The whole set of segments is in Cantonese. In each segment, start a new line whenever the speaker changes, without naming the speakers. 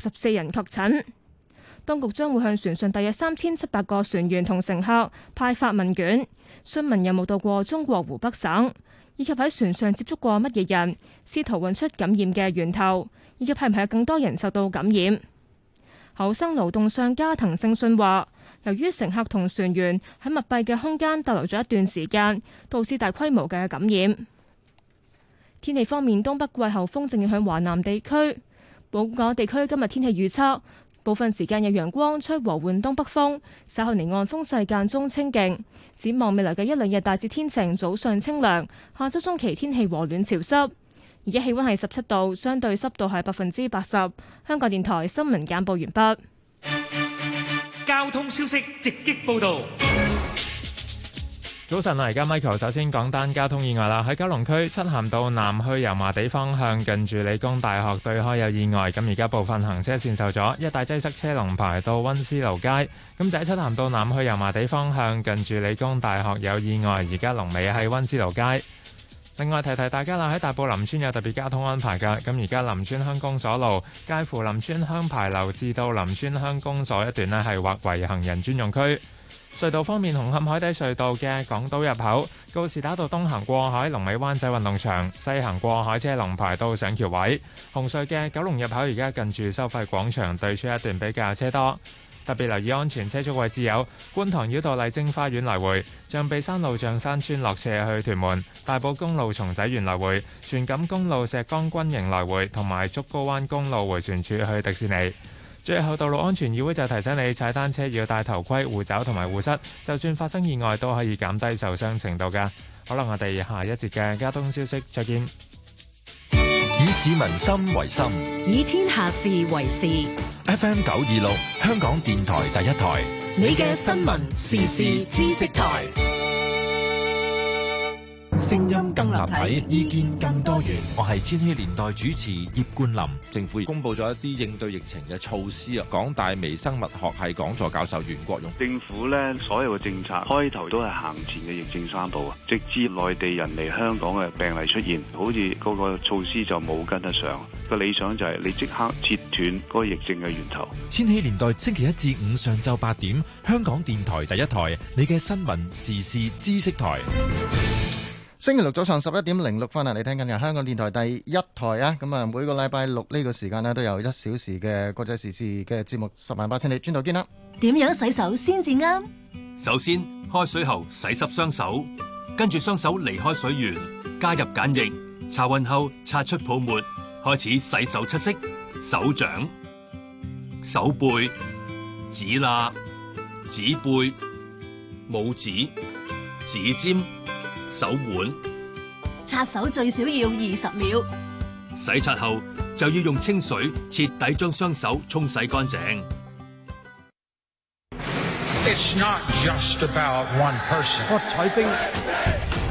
十四人確診，當局將會向船上大約三千七百個船員同乘客派發問卷，詢問有冇到過中國湖北省，以及喺船上接觸過乜嘢人，試圖揾出感染嘅源頭，以及係唔係更多人受到感染。厚生勞動省加藤勝信話，由於乘客同船員喺密閉嘅空間逗留咗一段時間，導致大規模嘅感染。天氣方面，東北季候風正影響華南地區。本港地區今日天，天氣預測，部分時間有陽光，吹和緩東北風，稍後離岸風勢間中清勁。展望未來嘅一兩日大致天晴，早上清涼，下周中期天氣和暖潮濕。而家氣溫係十七度，相對濕度係百分之八十。香港電台新聞簡報完畢。交通消息直擊報道。
早晨啊！而家 Michael 首先講單交通意外啦。喺九龍區漆咸道南去油麻地方向，近住理工大學對開有意外，咁而家部分行車線受阻，一帶擠塞車龍排到溫思勞街。咁就喺漆咸道南去油麻地方向，近住理工大學有意外，而家龍尾喺溫思勞街。另外提提大家啦，喺大埔林村有特別交通安排嘅，咁而家林村鄉公所路介乎林村鄉牌樓至到林村鄉公所一段呢，係劃為行人專用區。隧道方面，紅磡海底隧道嘅港島入口、告士打道東行過海、龍尾灣仔運動場西行過海車龍排到上橋位；紅隧嘅九龍入口而家近住收費廣場對出一段比較車多，特別留意安全車速位置有觀塘繞道麗晶花園來回、象鼻山路象山邨落斜去屯門、大埔公路松仔園來回、荃錦公路石崗軍營來回同埋竹篙灣公路迴旋處去迪士尼。最後，道路安全議會就提醒你踩單車要戴頭盔、護肘同埋護膝，就算發生意外都可以減低受傷程度噶。好啦，我哋下一節嘅交通消息再見。以市民心為心，
以天下事為事。
F M 九二六，香港電台第一台，
你嘅新聞時事
知識台。聲音。更立體，意
見更多元。
我係千禧年代主持葉冠霖。政府公布咗一啲應對疫情嘅措施啊！港大微生物學系講座教授袁國勇。政府呢所有嘅
政策開頭都係行前嘅疫症三步啊，直至內地人嚟香港嘅病例出現，好似嗰個措施就冇跟得上。個理想就係你即刻切斷嗰個疫
症嘅源頭。千禧年代星期一至五上晝八點，香港電台第一台，你嘅新聞時事知識台。星期六早上十一點零六分啊，你聽緊嘅香港電台第一台啊，咁啊每個禮拜六呢個時間呢都有一小時嘅國際時事嘅節目，十萬八千里，轉頭見啦。
點樣洗手先至啱？
首先，開水喉洗濕雙手，跟住雙手離開水源，加入鹼液，
搽勻後擦出泡沫，開始洗手七式：手掌、手背、指罅、指背、拇指、指尖。手腕
擦手最少要二十秒，
洗刷後就要用清水徹底將雙手沖洗乾淨。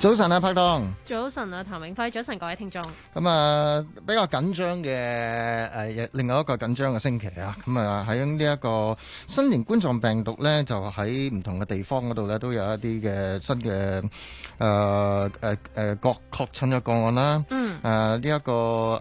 早晨啊，拍檔！
早晨啊，譚永輝！早晨各位聽眾。
咁啊，比較緊張嘅誒，另外一個緊張嘅星期啊，咁啊喺呢一個新型冠狀病毒咧，就喺唔同嘅地方嗰度咧，都有一啲嘅新嘅誒誒誒，確確診嘅個案啦。嗯。誒，呢一個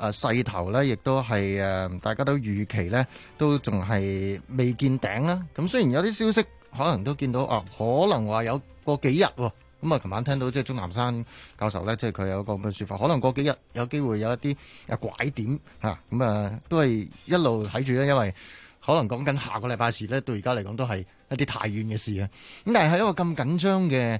誒勢頭咧，亦都係誒，大家都預期咧，都仲係未見頂啦。咁雖然有啲消息可能都見到啊，可能話有過幾日喎。咁啊，琴、嗯、晚聽到即係鍾南山教授咧，即係佢有個咁嘅説法，可能過幾日有機會有一啲啊拐點嚇，咁啊、嗯、都係一路睇住咧，因為可能講緊下個禮拜時咧，對而家嚟講都係一啲太遠嘅事啊。咁但係喺一個咁緊張嘅誒、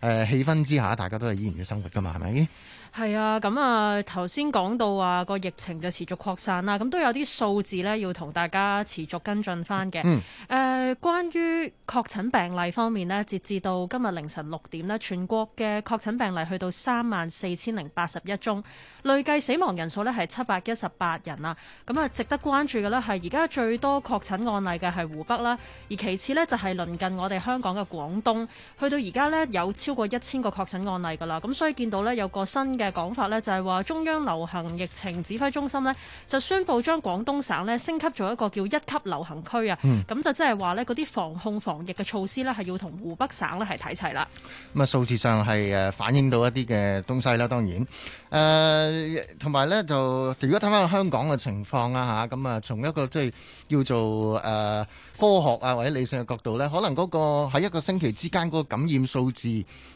呃、氣氛之下，大家都係依然嘅生活噶嘛，係咪？
係啊，咁啊，頭先講到話個疫情就持續擴散啦，咁都有啲數字咧要同大家持續跟進返嘅。誒、嗯呃，關於確診病例方面呢，截至到今日凌晨六點呢，全國嘅確診病例去到三萬四千零八十一宗。累計死亡人數呢係七百一十八人啊！咁啊，值得關注嘅呢係而家最多確診案例嘅係湖北啦，而其次呢就係鄰近我哋香港嘅廣東。去到而家呢，有超過一千個確診案例㗎啦。咁所以見到呢，有個新嘅講法呢，就係話中央流行疫情指揮中心呢，就宣布將廣東省呢升級做一個叫一級流行區啊。咁、嗯、就即係話呢嗰啲防控防疫嘅措施呢，係要同湖北省呢係睇齊啦。咁
啊，數字上係誒反映到一啲嘅東西啦，當然誒。Uh, 同埋咧，就如果睇翻香港嘅情況啊嚇，咁啊，從一個即係叫做誒科學啊或者理性嘅角度咧，可能嗰個喺一個星期之間嗰個感染數字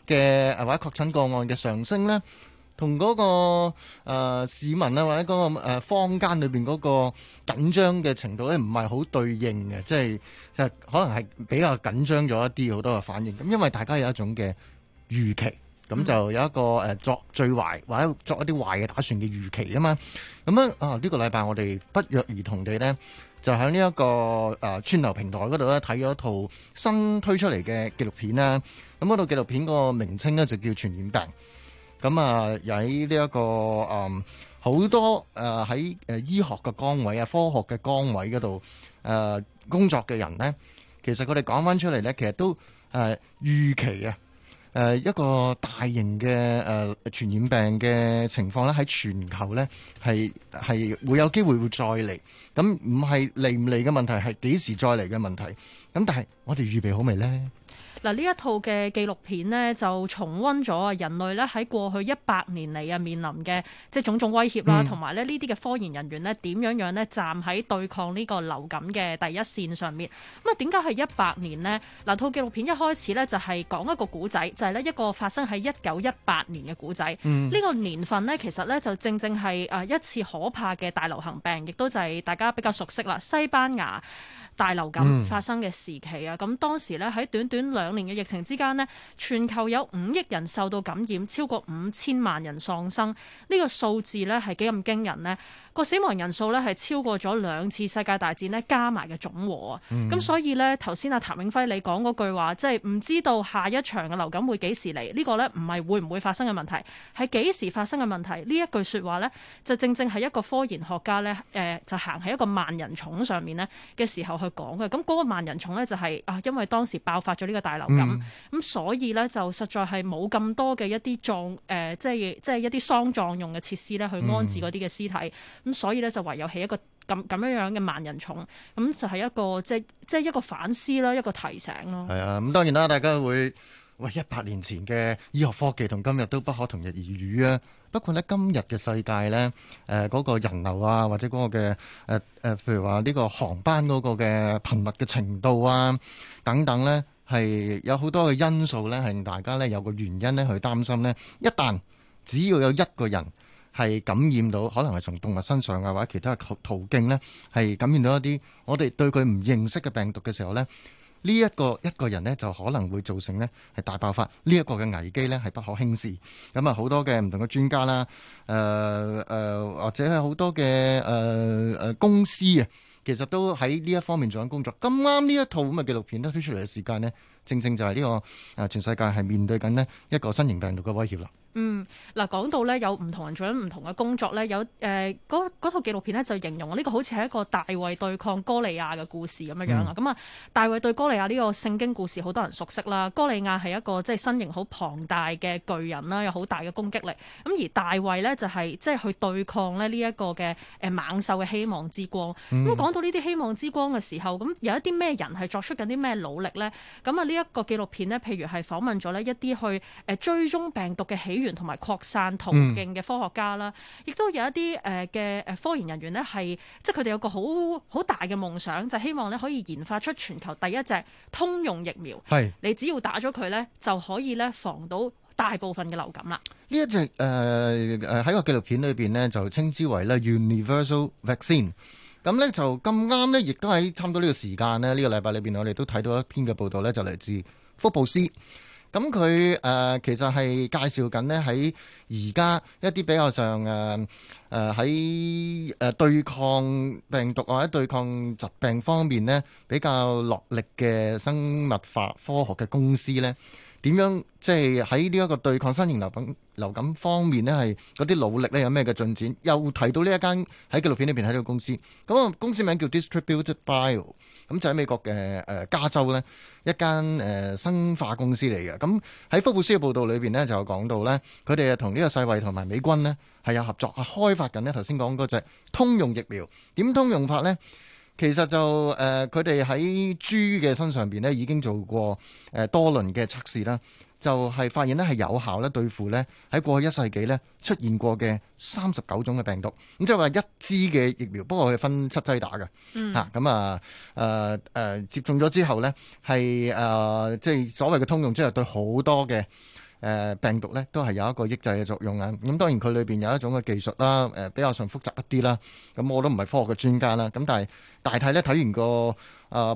嘅或者確診個案嘅上升咧，同嗰個誒市民啊或者嗰個誒坊間裏邊嗰個緊張嘅程度咧，唔係好對應嘅，即係其實可能係比較緊張咗一啲好多嘅反應。咁因為大家有一種嘅預期。咁就有一個誒作最壞或者作一啲壞嘅打算嘅預期啊嘛，咁、嗯、啊啊呢、這個禮拜我哋不約而同地咧，就喺呢一個誒串、呃、流平台嗰度咧睇咗一套新推出嚟嘅紀錄片啦。咁嗰套紀錄片個名稱咧就叫《傳染病》。咁、嗯、啊喺呢一個誒好、嗯、多誒喺誒醫學嘅崗位啊、科學嘅崗位嗰度誒工作嘅人咧，其實佢哋講翻出嚟咧，其實都誒預、呃、期啊。誒、呃、一個大型嘅誒、呃、傳染病嘅情況咧，喺全球咧係係會有機會會再嚟，咁唔係嚟唔嚟嘅問題，係幾時再嚟嘅問題。咁但係我哋預備好未咧？
嗱，呢一套嘅紀錄片咧，就重温咗啊人類咧喺過去一百年嚟啊面臨嘅即係種種威脅啦，同埋咧呢啲嘅科研人員咧點樣樣咧站喺對抗呢個流感嘅第一線上面。咁啊，點解係一百年咧？嗱，套紀錄片一開始咧就係講一個古仔，就係咧一個發生喺一九一八年嘅古仔。嗯。呢個年份咧，其實咧就正正係啊一次可怕嘅大流行病，亦都就係大家比較熟悉啦，西班牙大流感發生嘅時期啊。嗯。咁當時咧喺短短兩。兩年嘅疫情之間呢，全球有五億人受到感染，超過五千萬人喪生。呢個數字咧係幾咁驚人呢？個死亡人數咧係超過咗兩次世界大戰咧加埋嘅總和、嗯、啊！咁所以咧，頭先阿譚永輝你講嗰句話，即係唔知道下一場嘅流感會幾時嚟？呢、這個咧唔係會唔會發生嘅問題，係幾時發生嘅問題？呢一句説話咧，就正正係一個科研學家咧，誒、呃，就行喺一個萬人塚上面咧嘅時候去講嘅。咁、那、嗰個萬人塚咧就係、是、啊，因為當時爆發咗呢個大流感，咁、嗯、所以咧就實在係冇咁多嘅一啲葬誒，即係即係一啲喪葬用嘅設施咧去安置嗰啲嘅屍體。嗯嗯。咁、嗯、所以咧就唯有起一個咁咁樣樣嘅萬人重，咁、嗯、就係、是、一個即即一個反思啦，一個提醒咯。
係啊，咁當然啦、啊，大家會喂一百年前嘅醫學科技同今日都不可同日而語啊。不過呢，今日嘅世界呢，誒、呃、嗰、那個人流啊，或者嗰個嘅誒誒，譬如話呢個航班嗰個嘅頻密嘅程度啊，等等呢，係有好多嘅因素呢，係令大家呢有個原因呢去擔心呢。一旦只要有一個人，係感染到，可能係從動物身上啊，或者其他途徑呢，係感染到一啲我哋對佢唔認識嘅病毒嘅時候呢。呢、這、一個一個人呢，就可能會造成呢係大爆發，呢、這、一個嘅危機呢，係不可輕視。咁啊，好多嘅唔同嘅專家啦，誒、呃、誒、呃，或者係好多嘅誒誒公司啊，其實都喺呢一方面做緊工作。咁啱呢一套咁嘅紀錄片都推出嚟嘅時間呢。正正就係呢、呢個誒、呃，全世界係面對緊咧一個新型病毒嘅威脅啦。嗯，
嗱，講到呢，有唔同人做緊唔同嘅工作呢，有誒嗰套紀錄片呢，就形容呢、呢個好似係一個大衛對抗哥利亞嘅故事咁、嗯、樣樣啊。咁、嗯、啊，嗯、大衛對哥利亞呢個聖經故事好多人熟悉啦。哥利亞係一個即係身形好龐大嘅巨人啦，有好大嘅攻擊力。咁而大衛呢、就係，就係即係去對抗咧呢一個嘅誒猛獸嘅希望之光。咁、嗯嗯、講到呢啲希望之光嘅時候，咁有一啲咩人係作出緊啲咩努力呢？咁啊～呢一個紀錄片咧，譬如係訪問咗咧一啲去誒追蹤病毒嘅起源同埋擴散途徑嘅科學家啦，亦、嗯、都有一啲誒嘅誒科研人員呢係即係佢哋有個好好大嘅夢想，就係、希望咧可以研發出全球第一隻通用疫苗。係是，你只要打咗佢呢，就可以呢防到大部分嘅流感啦。呢
一隻誒誒喺個紀錄片裏邊呢，就稱之為咧 Universal Vaccine。咁咧就咁啱呢，亦都喺差唔多呢個時間呢，呢個禮拜裏邊，我哋都睇到一篇嘅報道呢，就嚟自福布斯。咁佢誒其實係介紹緊呢，喺而家一啲比較上誒誒喺誒對抗病毒或者對抗疾病方面呢，比較落力嘅生物化科學嘅公司呢。點樣即係喺呢一個對抗新型流感流感方面呢，係嗰啲努力呢有咩嘅進展？又提到呢一間喺紀錄片裏邊喺呢個公司，咁個公司名叫 Distributed Bio，咁就喺美國嘅誒、呃、加州呢一間誒、呃、生化公司嚟嘅。咁喺福布斯嘅報導裏邊呢就有講到呢佢哋啊，同呢個世衛同埋美軍呢係有合作，啊、開發緊呢頭先講嗰隻通用疫苗點通用法呢？其實就誒，佢哋喺豬嘅身上邊咧，已經做過誒、呃、多輪嘅測試啦，就係、是、發現咧係有效咧對付咧喺過去一世紀咧出現過嘅三十九種嘅病毒。咁即係話一支嘅疫苗，不過佢分七劑打嘅嚇。咁、嗯、啊誒誒、呃呃，接種咗之後呢，係誒、呃，即係所謂嘅通用，即係對好多嘅。誒病毒咧都係有一個抑制嘅作用啊！咁當然佢裏邊有一種嘅技術啦，誒比較上複雜一啲啦。咁我都唔係科學嘅專家啦。咁但係大體咧睇完個誒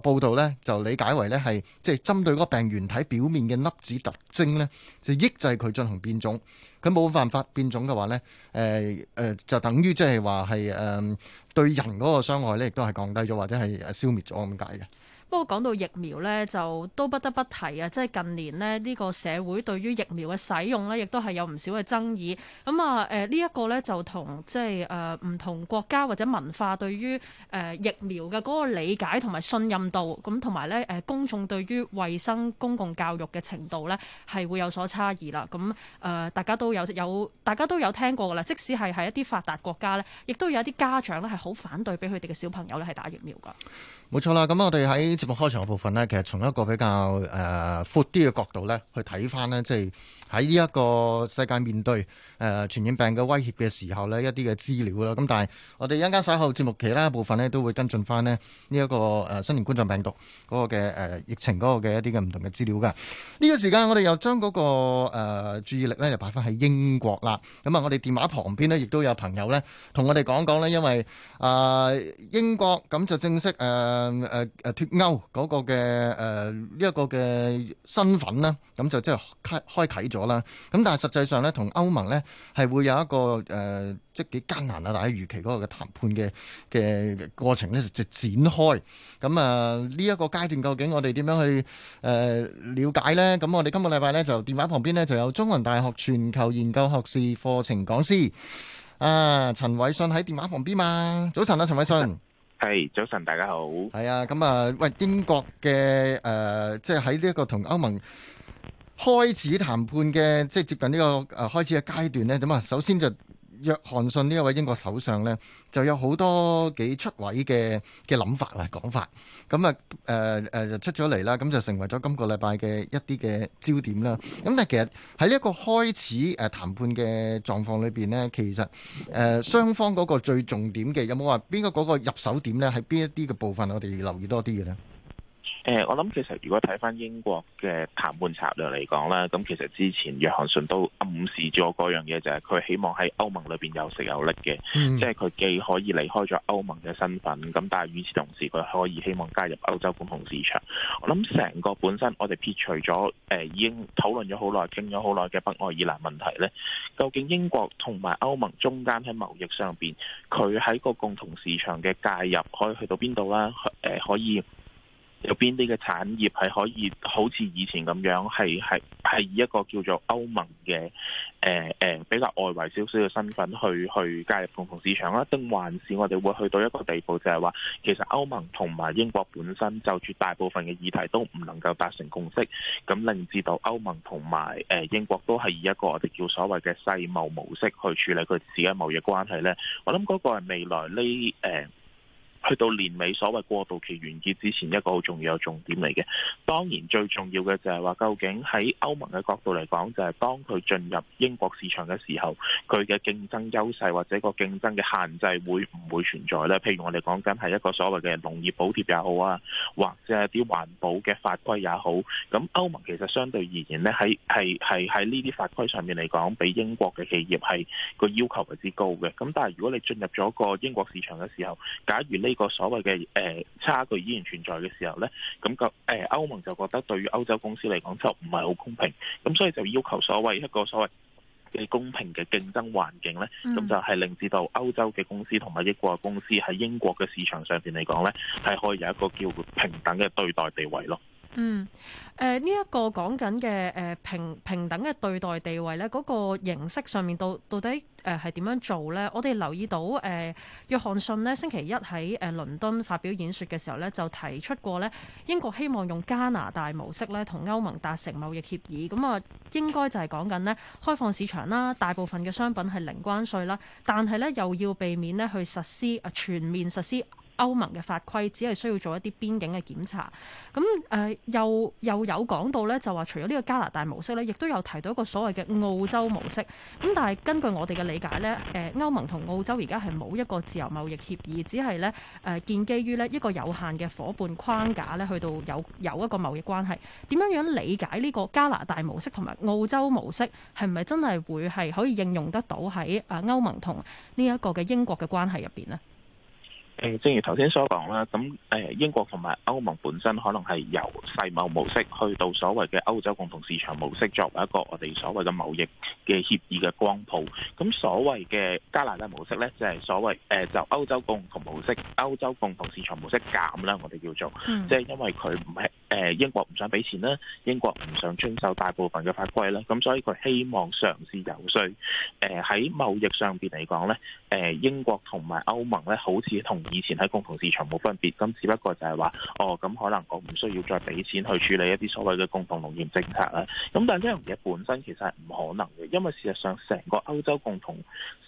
報道咧，就理解為咧係即係針對嗰個病原體表面嘅粒子特徵咧，就抑制佢進行變種。咁冇辦法變種嘅話咧，誒誒就等於即係話係誒對人嗰個傷害咧，亦都係降低咗或者係消滅咗咁解嘅。
不過講到疫苗呢，就都不得不提啊！即係近年呢，呢、這個社會對於疫苗嘅使用呢，亦都係有唔少嘅爭議。咁、嗯、啊，誒呢一個呢，就同即係誒唔同國家或者文化對於誒、呃、疫苗嘅嗰個理解同埋信任度，咁同埋呢，誒、呃、公眾對於衞生公共教育嘅程度呢，係會有所差異啦。咁、嗯、誒、呃，大家都有有，大家都有聽過㗎啦。即使係喺一啲發達國家呢，亦都有一啲家長呢，係好反對俾佢哋嘅小朋友呢，係打疫苗㗎。
冇錯啦，咁我哋喺節目開場嘅部分咧，其實從一個比較誒闊啲嘅角度咧，去睇返咧，即係。喺呢一個世界面對誒傳、呃、染病嘅威脅嘅時候咧，一啲嘅資料啦。咁但係我哋一陣間稍後節目其他部分咧，都會跟進翻咧呢一、這個誒、呃、新型冠狀病毒個嘅誒、呃、疫情個嘅一啲嘅唔同嘅資料噶。呢、這個時間我哋又將、那個誒、呃、注意力咧就擺翻喺英國啦。咁、嗯、啊，我哋電話旁邊咧亦都有朋友咧同我哋講講咧，因為誒、呃、英國咁就正式誒誒誒脫歐個嘅誒呢一個嘅身份啦，咁就即係開開啓咗，啦，咁但係實際上咧，同歐盟咧係會有一個誒，即係幾艱難啊！大家預期嗰個嘅談判嘅嘅過程咧，就即係展開。咁啊，呢一個階段究竟我哋點樣去誒了解咧？咁我哋今個禮拜咧就電話旁邊咧就有中文大學全球研究學士課程講師啊，陳偉信喺電話旁邊嘛。早晨啊，陳偉信，
係早晨，大家好。
係啊，咁啊，喂，英國嘅誒，即係喺呢一個同歐盟。開始談判嘅即係接近呢、呢個啊、呃、開始嘅階段呢。咁啊首先就約翰遜呢一位英國首相呢，就有好多幾出位嘅嘅諗法啊講法，咁啊誒誒就出咗嚟啦，咁、嗯、就成為咗今個禮拜嘅一啲嘅焦點啦。咁、嗯、但係其實喺呢一個開始誒、呃、談判嘅狀況裏邊呢，其實誒、呃、雙方嗰個最重點嘅有冇話邊個嗰個入手點呢？喺邊一啲嘅部分我哋留意多啲嘅呢？
誒、呃，我諗其實如果睇翻英國嘅談判策略嚟講啦，咁其實之前約翰遜都暗示咗嗰樣嘢，就係、是、佢希望喺歐盟裏邊有食有力嘅，嗯、即係佢既可以離開咗歐盟嘅身份，咁但係與此同時，佢可以希望加入歐洲共同市場。我諗成個本身我哋撇除咗誒、呃、已經討論咗好耐、傾咗好耐嘅北愛爾蘭問題呢，究竟英國同埋歐盟中間喺貿易上邊，佢喺個共同市場嘅介入可以去到邊度咧？誒、呃，可以。有邊啲嘅產業係可以好似以前咁樣，係係係以一個叫做歐盟嘅誒誒比較外圍少少嘅身份去去加入共同市場啦？定還是我哋會去到一個地步就，就係話其實歐盟同埋英國本身就絕大部分嘅議題都唔能夠達成共識，咁令至到歐盟同埋誒英國都係以一個我哋叫所謂嘅世貿模式去處理佢自己嘅貿易關係呢？我諗嗰個係未來呢誒。呃去到年尾，所謂過渡期完結之前，一個好重要嘅重點嚟嘅。當然最重要嘅就係話究竟喺歐盟嘅角度嚟講，就係當佢進入英國市場嘅時候，佢嘅競爭優勢或者個競爭嘅限制會唔會存在咧？譬如我哋講緊係一個所謂嘅農業補貼也好啊，或者係啲環保嘅法規也好。咁歐盟其實相對而言咧，喺係係喺呢啲法規上面嚟講比英國嘅企業係個要求為之高嘅。咁但係如果你進入咗個英國市場嘅時候，假如呢？個所謂嘅誒差距依然存在嘅時候呢，咁個誒歐盟就覺得對於歐洲公司嚟講就唔係好公平，咁所以就要求所謂一個所謂嘅公平嘅競爭環境呢，咁、嗯、就係令至到歐洲嘅公司同埋英國嘅公司喺英國嘅市場上面嚟講呢，係可以有一個叫平等嘅對待地位咯。
嗯，誒呢一個講緊嘅誒平平等嘅對待地位呢，嗰、這個形式上面到到底誒係點樣做呢？我哋留意到誒、呃、約翰遜咧，星期一喺誒倫敦發表演説嘅時候呢，就提出過呢：英國希望用加拿大模式咧，同歐盟達成貿易協議。咁、嗯、啊，應該就係講緊呢，開放市場啦，大部分嘅商品係零關稅啦，但係呢又要避免呢去實施啊全面實施。歐盟嘅法規只係需要做一啲邊境嘅檢查。咁、嗯、誒、呃、又又有講到咧，就話除咗呢個加拿大模式咧，亦都有提到一個所謂嘅澳洲模式。咁、嗯、但係根據我哋嘅理解咧，誒、呃、歐盟同澳洲而家係冇一個自由貿易協議，只係咧誒建基於咧一個有限嘅伙伴框架咧，去到有有一個貿易關係。點樣樣理解呢個加拿大模式同埋澳洲模式，係咪真係會係可以應用得到喺誒歐盟同呢一個嘅英國嘅關係入邊呢？
誒，正如頭先所講啦，咁誒英國同埋歐盟本身可能係由世貿模式去到所謂嘅歐洲共同市場模式作為一個我哋所謂嘅貿易嘅協議嘅光譜。咁所謂嘅加拿大模式咧，就係所謂誒就歐洲共同模式，歐洲共同市場模式減啦，我哋叫做，即係、嗯、因為佢唔係誒英國唔想俾錢啦，英國唔想，唔想遵守大部分嘅法規啦，咁所以佢希望嘗試遊說誒喺貿易上邊嚟講咧，誒英國同埋歐盟咧，好似同以前喺共同市場冇分別，咁只不過就係話，哦咁可能我唔需要再俾錢去處理一啲所謂嘅共同農業政策啦。咁但係呢樣嘢本身其實係唔可能嘅，因為事實上成個歐洲共同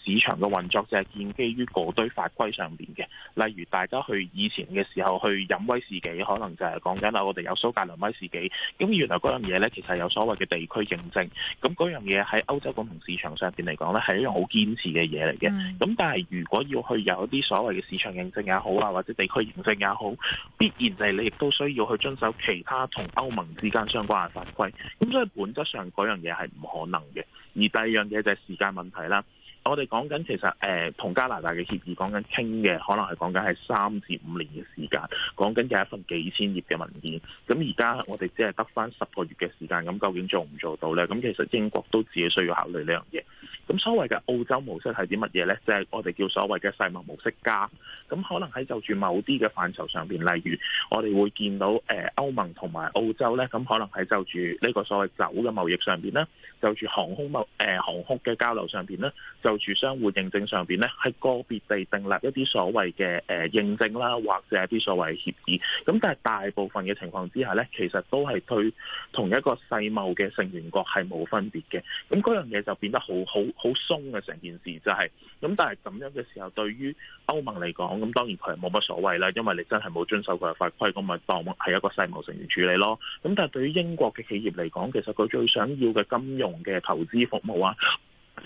市場嘅運作就係建基於嗰堆法規上邊嘅。例如大家去以前嘅時候去飲威士忌，可能就係講緊啦，我哋有蘇格蘭威士忌。咁原來嗰樣嘢咧，其實有所謂嘅地區認證，咁嗰樣嘢喺歐洲共同市場上邊嚟講咧，係一樣好堅持嘅嘢嚟嘅。咁、嗯、但係如果要去有一啲所謂嘅市場嘅，政也好啊，或者地區行政也好，必然就係你亦都需要去遵守其他同歐盟之間相關嘅法規。咁所以本質上嗰樣嘢係唔可能嘅。而第二樣嘢就係時間問題啦。我哋講緊其實誒同、呃、加拿大嘅協議講緊傾嘅，可能係講緊係三至五年嘅時間，講緊嘅一份幾千頁嘅文件。咁而家我哋只係得翻十個月嘅時間，咁究竟做唔做到呢？咁其實英國都自己需要考慮呢樣嘢。咁所謂嘅澳洲模式係啲乜嘢呢？即係我哋叫所謂嘅世貿模式加。咁可能喺就住某啲嘅範疇上邊，例如我哋會見到誒歐、呃、盟同埋澳洲呢，咁可能喺就住呢個所謂走嘅貿易上邊呢，就住航空貿誒、呃、航空嘅交流上邊呢。就住相互認證上邊咧，係個別地訂立一啲所謂嘅誒認證啦，或者係啲所謂協議。咁但係大部分嘅情況之下咧，其實都係對同一個世貿嘅成員國係冇分別嘅。咁嗰樣嘢就變得好好好鬆嘅成件事就係、咁。咁但係咁樣嘅時候，對於歐盟嚟講，咁當然佢係冇乜所謂啦，因為你真係冇遵守佢嘅法規，咁咪當係一個世貿成員處理咯。咁但係對於英國嘅企業嚟講，其實佢最想要嘅金融嘅投資服務啊。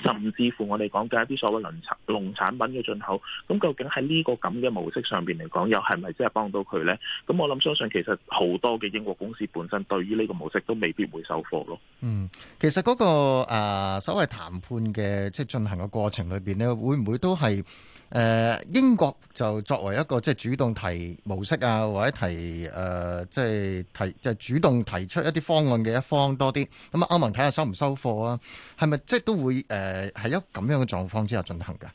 甚至乎我哋講嘅一啲所謂農產農產品嘅進口，咁究竟喺呢個咁嘅模式上邊嚟講，又係咪真係幫到佢咧？咁我諗相信其實好多嘅英國公司本身對於呢個模式都未必會收貨咯。嗯，
其實嗰、那個誒、呃、所謂談判嘅即係進行嘅過程裏邊咧，會唔會都係。誒英國就作為一個即係主動提模式啊，或者提誒、呃、即係提即係主動提出一啲方案嘅一方多啲。咁啊，歐盟睇下收唔收貨啊，係咪即係都會誒喺一咁樣嘅狀況之下進行㗎？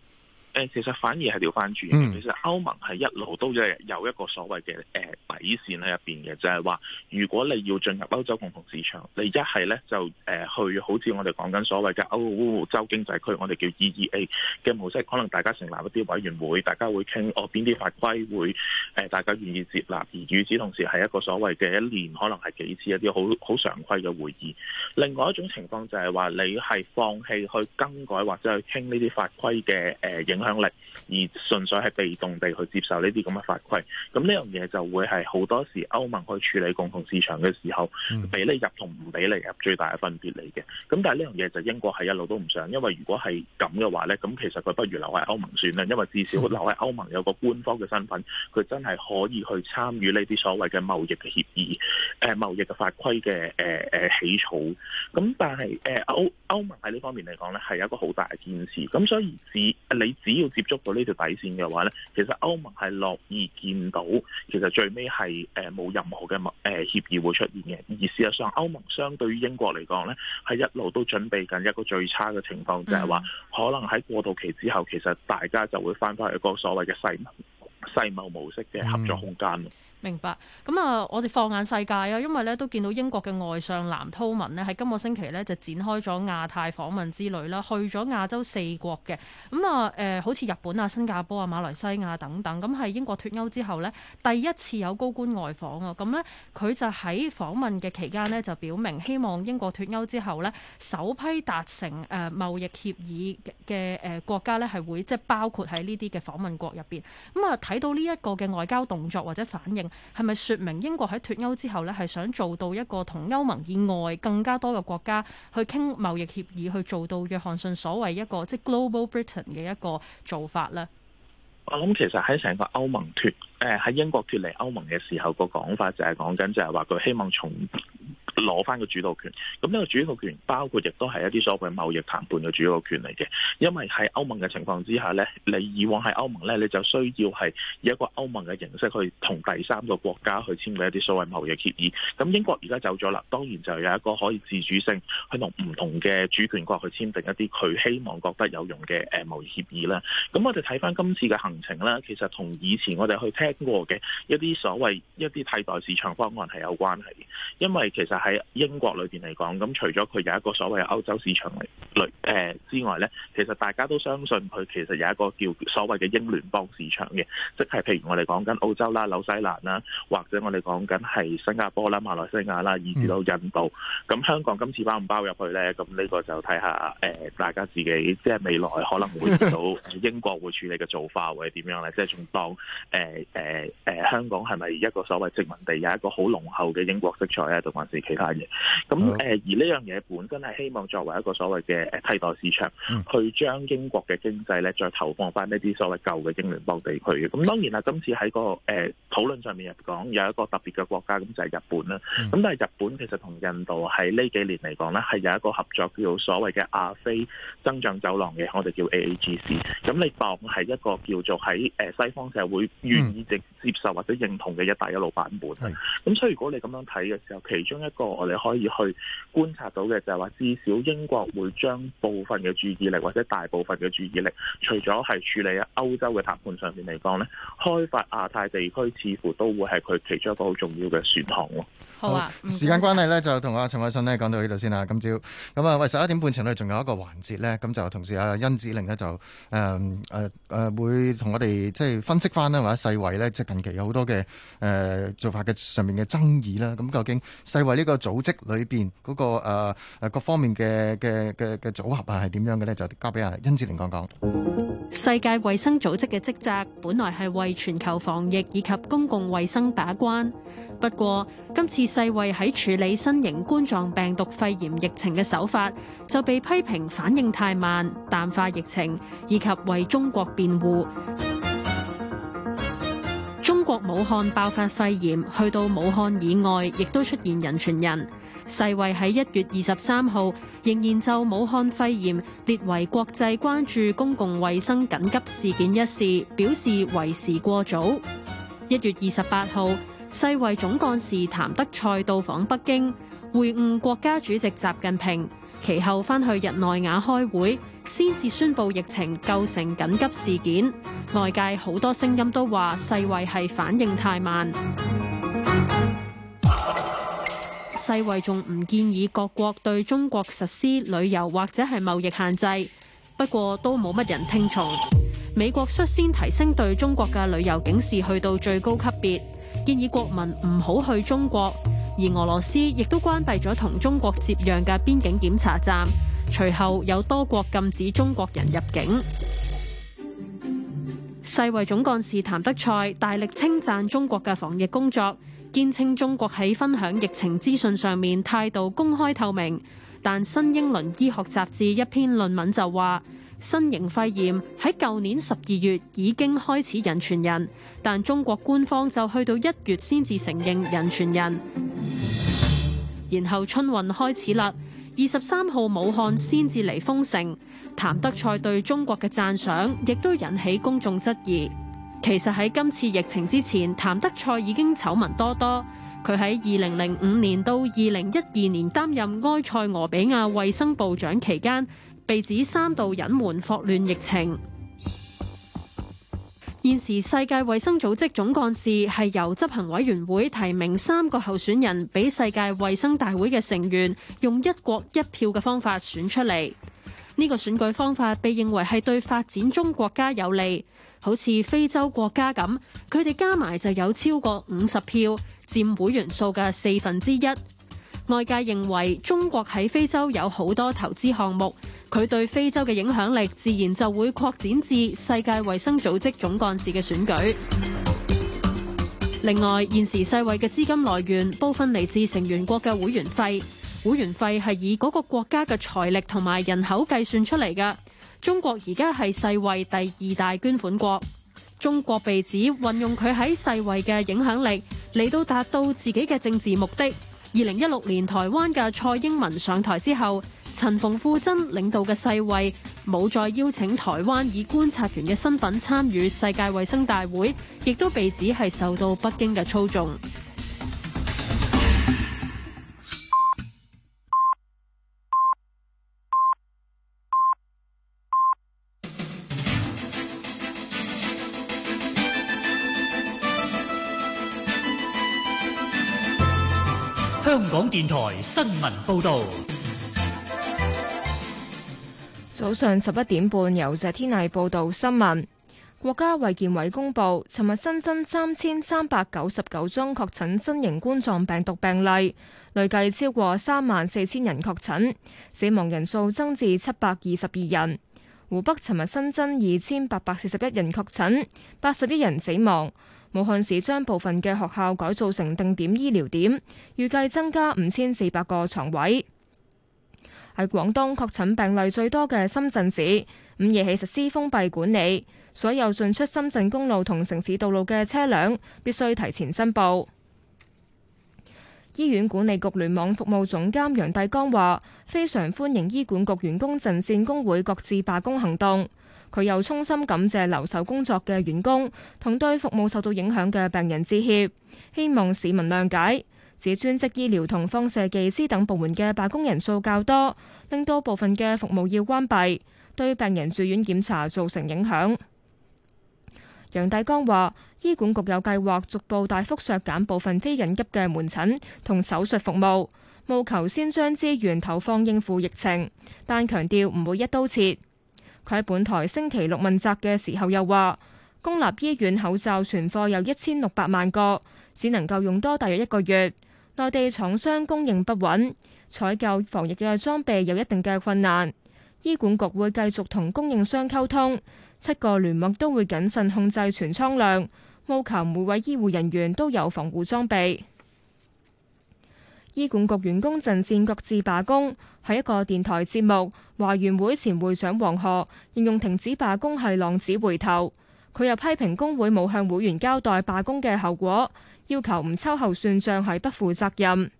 誒，其實反而係調翻轉。其實歐盟係一路都有一個所謂嘅誒底線喺入邊嘅，就係、是、話如果你要進入歐洲共同市場，你一係咧就誒去，好似我哋講緊所謂嘅歐，歐洲經濟區，我哋叫 EEA 嘅模式，可能大家成立一啲委員會，大家會傾哦邊啲法規會誒大家願意接納，而與此同時係一個所謂嘅一年可能係幾次一啲好好常規嘅會議。另外一種情況就係話你係放棄去更改或者去傾呢啲法規嘅誒影呃向力而純粹係被動地去接受呢啲咁嘅法規，咁呢樣嘢就會係好多時歐盟去處理共同市場嘅時候，俾、嗯、你入同唔俾你入最大嘅分別嚟嘅。咁但係呢樣嘢就英國係一路都唔想，因為如果係咁嘅話呢，咁其實佢不如留喺歐盟算啦，因為至少留喺歐盟有個官方嘅身份，佢真係可以去參與呢啲所謂嘅貿易嘅協議、誒貿易嘅法規嘅誒誒起草。咁但係誒歐歐盟喺呢方面嚟講呢，係一個好大嘅堅持。咁所以只你只只要接觸到呢條底線嘅話呢，其實歐盟係樂意見到，其實最尾係誒冇任何嘅默誒協議會出現嘅。而事實上，歐盟相對於英國嚟講呢，係一路都準備緊一個最差嘅情況，就係、是、話可能喺過渡期之後，其實大家就會翻返去個所謂嘅世貿模式嘅合作空間。
明白，咁啊，我哋放眼世界啊，因為咧，都見到英國嘅外相藍韜文咧喺今個星期咧就展開咗亞太訪問之旅啦，去咗亞洲四國嘅，咁啊，誒，好似日本啊、新加坡啊、馬來西亞等等，咁係英國脫歐之後咧，第一次有高官外訪啊，咁咧佢就喺訪問嘅期間咧就表明希望英國脫歐之後咧首批達成誒貿易協議嘅誒國家咧係會即係包括喺呢啲嘅訪問國入邊，咁啊睇到呢一個嘅外交動作或者反應，係咪說明英國喺脫歐之後呢，係想做到一個同歐盟以外更加多嘅國家去傾貿易協議，去做到約翰遜所謂一個即係 Global Britain 嘅一個做法呢？
我諗其實喺成個歐盟脱，誒喺英國脫離歐盟嘅時候，個講法就係講緊就係話佢希望從攞翻個主導權。咁呢個主導權包括亦都係一啲所謂貿易談判嘅主導權嚟嘅。因為喺歐盟嘅情況之下咧，你以往喺歐盟咧，你就需要係以一個歐盟嘅形式去同第三個國家去簽嘅一啲所謂貿易協議。咁英國而家走咗啦，當然就有一個可以自主性去同唔同嘅主權國去簽訂一啲佢希望覺得有用嘅誒貿易協議啦。咁我哋睇翻今次嘅行情啦，其實同以前我哋去聽過嘅一啲所謂一啲替代市場方案係有關係嘅，因為其實喺英國裏邊嚟講，咁除咗佢有一個所謂歐洲市場類誒之外呢，其實大家都相信佢其實有一個叫所謂嘅英聯邦市場嘅，即係譬如我哋講緊澳洲啦、紐西蘭啦，或者我哋講緊係新加坡啦、馬來西亞啦，以至到印度，咁香港今次包唔包入去呢？咁、這、呢個就睇下誒，大家自己即係未來可能會見到英國會處理嘅做法係點樣咧？即係仲當誒誒誒香港係咪一個所謂殖民地，有一個好濃厚嘅英國色彩咧？同埋是其他嘢咁誒？而呢樣嘢本身係希望作為一個所謂嘅替代市場，嗯、去將英國嘅經濟咧再投放翻呢啲所謂舊嘅英聯邦地區嘅。咁當然啦，今次喺個誒、呃、討論上面入邊講有一個特別嘅國家，咁就係、是、日本啦。咁、嗯、但係日本其實同印度喺呢幾年嚟講咧，係有一個合作叫做所謂嘅亞非增長走廊嘅，我哋叫 AAGC。咁你當係一個叫做喺誒西方社會願意接接受或者認同嘅一大一路版本，咁、mm. 所以如果你咁樣睇嘅時候，其中一個我哋可以去觀察到嘅就係話，至少英國會將部分嘅注意力或者大部分嘅注意力，除咗係處理喺歐洲嘅談判上面嚟講呢，開發亞太地區似乎都會係佢其中一個好重要嘅選項。
好啊！時間關係咧、嗯嗯，就同阿陳偉信咧講到呢度先啦。今朝咁啊，喂，十一點半前呢，仲有一個環節咧，咁就同時阿殷志玲呢，就誒誒誒，會同我哋即係分析翻啦。或者世衛咧，即係近期有好多嘅誒、呃、做法嘅上面嘅爭議啦。咁、嗯、究竟世衛呢個組織裏邊嗰、那個誒誒、呃、各方面嘅嘅嘅嘅組合啊，係點樣嘅咧？就交俾阿殷志玲講講。
世界衛生組織嘅職責本來係為全球防疫以及公共衛生把關，不過今次。世衛喺處理新型冠狀病毒肺炎疫情嘅手法，就被批評反應太慢、淡化疫情以及為中國辯護。中國武漢爆發肺炎，去到武漢以外，亦都出現人傳人。世衛喺一月二十三號仍然就武漢肺炎列為國際關注公共衛生緊急事件一事，表示為時過早。一月二十八號。世衛總幹事譚德賽到訪北京，會晤國家主席習近平，其後翻去日內瓦開會，先至宣布疫情構成緊急事件。外界好多聲音都話世衛係反應太慢。世衛仲唔建議各國對中國實施旅遊或者係貿易限制，不過都冇乜人聽從。美國率先提升對中國嘅旅遊警示去到最高級別。建議國民唔好去中國，而俄羅斯亦都關閉咗同中國接壤嘅邊境檢查站。隨後有多國禁止中國人入境。世衛總幹事譚德塞大力稱讚中國嘅防疫工作，堅稱中國喺分享疫情資訊上面態度公開透明。但《新英倫醫學雜誌》一篇論文就話：新型肺炎喺舊年十二月已經開始人傳人，但中國官方就去到一月先至承認人傳人。然後春運開始啦，二十三號武漢先至嚟封城。譚德塞對中國嘅讚賞，亦都引起公眾質疑。其實喺今次疫情之前，譚德塞已經醜聞多多。佢喺二零零五年到二零一二年擔任埃塞俄比亞衛生部長期間，被指三度隱瞞霍亂疫情。現時世界衛生組織總幹事係由執行委員會提名三個候選人，俾世界衛生大會嘅成員用一國一票嘅方法選出嚟。呢個選舉方法被認為係對發展中國家有利，好似非洲國家咁，佢哋加埋就有超過五十票，佔會員數嘅四分之一。外界認為中國喺非洲有好多投資項目，佢對非洲嘅影響力自然就會擴展至世界衛生組織總幹事嘅選舉。另外，現時世衛嘅資金來源部分嚟自成員國嘅會員費，會員費係以嗰個國家嘅財力同埋人口計算出嚟噶。中國而家係世衛第二大捐款國，中國被指運用佢喺世衛嘅影響力嚟到達到自己嘅政治目的。二零一六年台灣嘅蔡英文上台之後，陳馮富珍領導嘅世衛冇再邀請台灣以觀察員嘅身份參與世界衛生大會，亦都被指係受到北京嘅操縱。
香港電台新聞報道，
早上十一點半由謝天麗報道新聞。國家衛健委公布，尋日新增三千三百九十九宗確診新型冠狀病毒病例，累計超過三萬四千人確診，死亡人數增至七百二十二人。湖北尋日新增二千八百四十一人確診，八十一人死亡。武漢市將部分嘅學校改造成定點醫療點，預計增加五千四百個床位。喺廣東確診病例最多嘅深圳市，午夜起實施封閉管理，所有進出深圳公路同城市道路嘅車輛必須提前申報。醫院管理局聯網服務總監楊諦岡話：非常歡迎醫管局員工陣線工會各自罷工行動。佢又衷心感謝留守工作嘅員工，同對服務受到影響嘅病人致歉，希望市民諒解。指專職醫療同放射技師等部門嘅罷工人數較多，令到部分嘅服務要關閉，對病人住院檢查造成影響。楊大江話：醫管局有計劃逐步大幅削減部分非緊急嘅門診同手術服務，務求先將資源投放應付疫情，但強調唔會一刀切。佢喺本台星期六問責嘅時候又話，公立醫院口罩存貨有一千六百萬個，只能夠用多大約一個月。內地廠商供應不穩，採購防疫嘅裝備有一定嘅困難。醫管局會繼續同供應商溝通，七個聯網都會謹慎控制存倉量，務求每位醫護人員都有防護裝備。醫管局員工陣線各自罷工，喺一個電台節目，華員會前會長黃鶴形容停止罷工係浪子回頭，佢又批評工會冇向會員交代罷工嘅後果，要求唔秋後算賬係不負責任。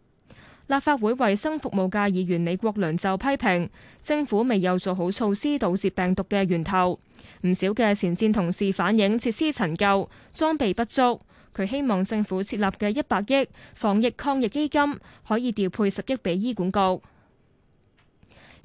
立法會衞生服務界議員李國麟就批評政府未有做好措施堵截病毒嘅源頭，唔少嘅前線同事反映設施陳舊、裝備不足。佢希望政府設立嘅一百億防疫抗疫基金可以調配十億俾醫管局。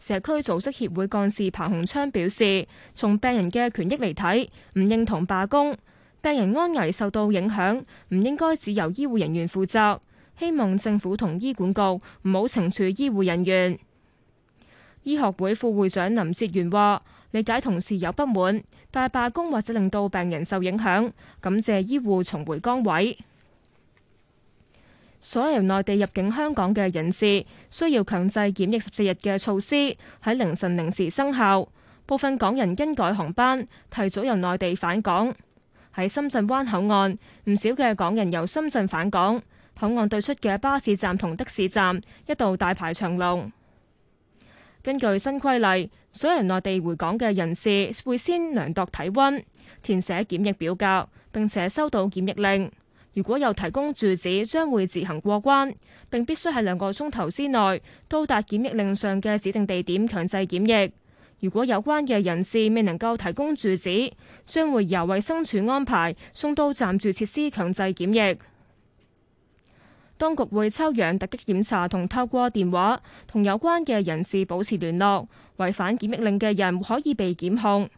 社區組織協會幹事彭洪昌表示，從病人嘅權益嚟睇，唔認同罷工，病人安危受到影響，唔應該只由醫護人員負責。希望政府同醫管局唔好懲處醫護人員。醫學會副會長林哲元話，理解同事有不滿。大罷工或者令到病人受影響，感謝醫護重回崗位。所有內地入境香港嘅人士需要強制檢疫十四日嘅措施喺凌晨零時生效。部分港人更改航班提早由內地返港。喺深圳灣口岸，唔少嘅港人由深圳返港，口岸對出嘅巴士站同的士站一度大排長龍。根據新規例，所有內地回港嘅人士會先量度體溫、填寫檢疫表格，並且收到檢疫令。如果有提供住址，將會自行過關，並必須喺兩個鐘頭之內到達檢疫令上嘅指定地點強制檢疫。如果有關嘅人士未能夠提供住址，將會由衛生署安排送到暫住設施強制檢疫。當局會抽樣突擊檢查同透過電話同有關嘅人士保持聯絡。違反檢疫令嘅人可以被檢控。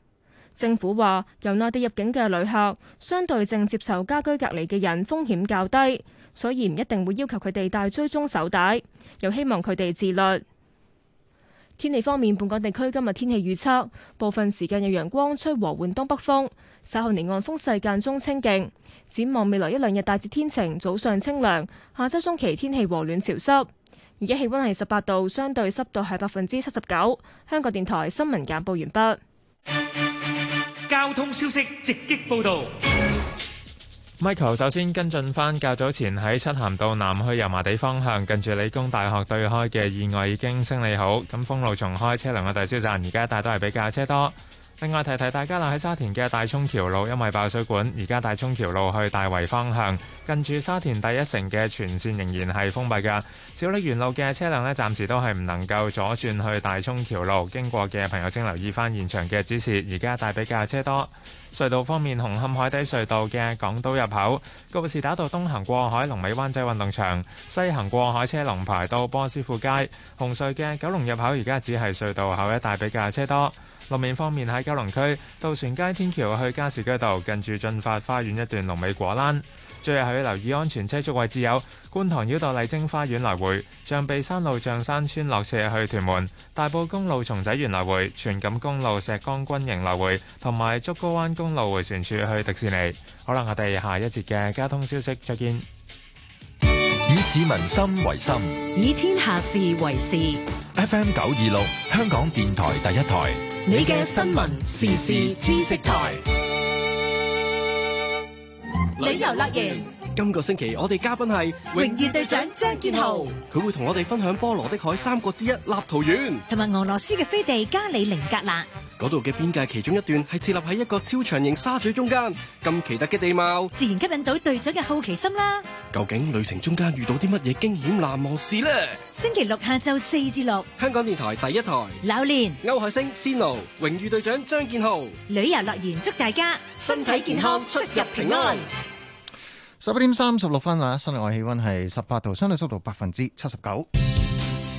政府話，由內地入境嘅旅客相對正接受家居隔離嘅人風險較低，所以唔一定會要求佢哋戴追蹤手帶，又希望佢哋自律。天氣方面，本港地區今日天氣預測，部分時間有陽光，吹和緩東北風，稍後離岸風勢間中清勁。展望未來一兩日大致天晴，早上清涼，下周中期天氣和暖潮濕。而家氣溫係十八度，相對濕度係百分之七十九。香港電台新聞簡報完畢。交通消
息直擊報道。Michael 首先跟進返較早前喺漆鹹道南去油麻地方向近住理工大學對開嘅意外已經清理好，咁封路重開，車輛嘅大消散而家大多都係比較車多。另外提提大家啦，喺沙田嘅大涌橋路因為爆水管，而家大涌橋路去大圍方向近住沙田第一城嘅全線仍然係封閉嘅。小瀝源路嘅車輛呢，暫時都係唔能夠左轉去大涌橋路，經過嘅朋友請留意翻現場嘅指示。而家大比較車多。隧道方面，紅磡海底隧道嘅港島入口、告士打道東行過海、龍尾灣仔運動場、西行過海車龍排到波斯富街、紅隧嘅九龍入口，而家只係隧道口一帶比較車多。路面方面，喺九龍區渡船街天橋去加士居道，近住進發花園一段龍尾果欄，最後係要留意安全車速位置，有觀塘繞道麗晶花園來回、象鼻山路象山村落斜去屯門、大埔公路松仔園來回、荃錦公路石崗軍營來回同埋竹篙灣公路回旋處去迪士尼。好啦，我哋下一節嘅交通消息再見。以市民心為心，
以天下事為事。
FM 九二六，香港電台第一台，
你嘅新聞時事知識台。旅遊樂園。
今個星期我哋嘉賓係榮譽隊長張建豪，佢會同我哋分享波羅的海三國之一立陶宛，
同埋俄羅斯嘅飛地加里寧格勒。
嗰度嘅邊界其中一段係設立喺一個超長形沙嘴中間，咁奇特嘅地貌，
自然吸引到隊長嘅好奇心啦。
究竟旅程中間遇到啲乜嘢驚險難忘事呢？
星期六下晝四至六，香港電台第一台，劉念、歐海星、仙奴、榮譽隊長張建豪，旅遊樂園祝大家身體健康、出入平安。
十一點三十六分啊，室內外氣溫係十八度，相對濕度百分之七十九。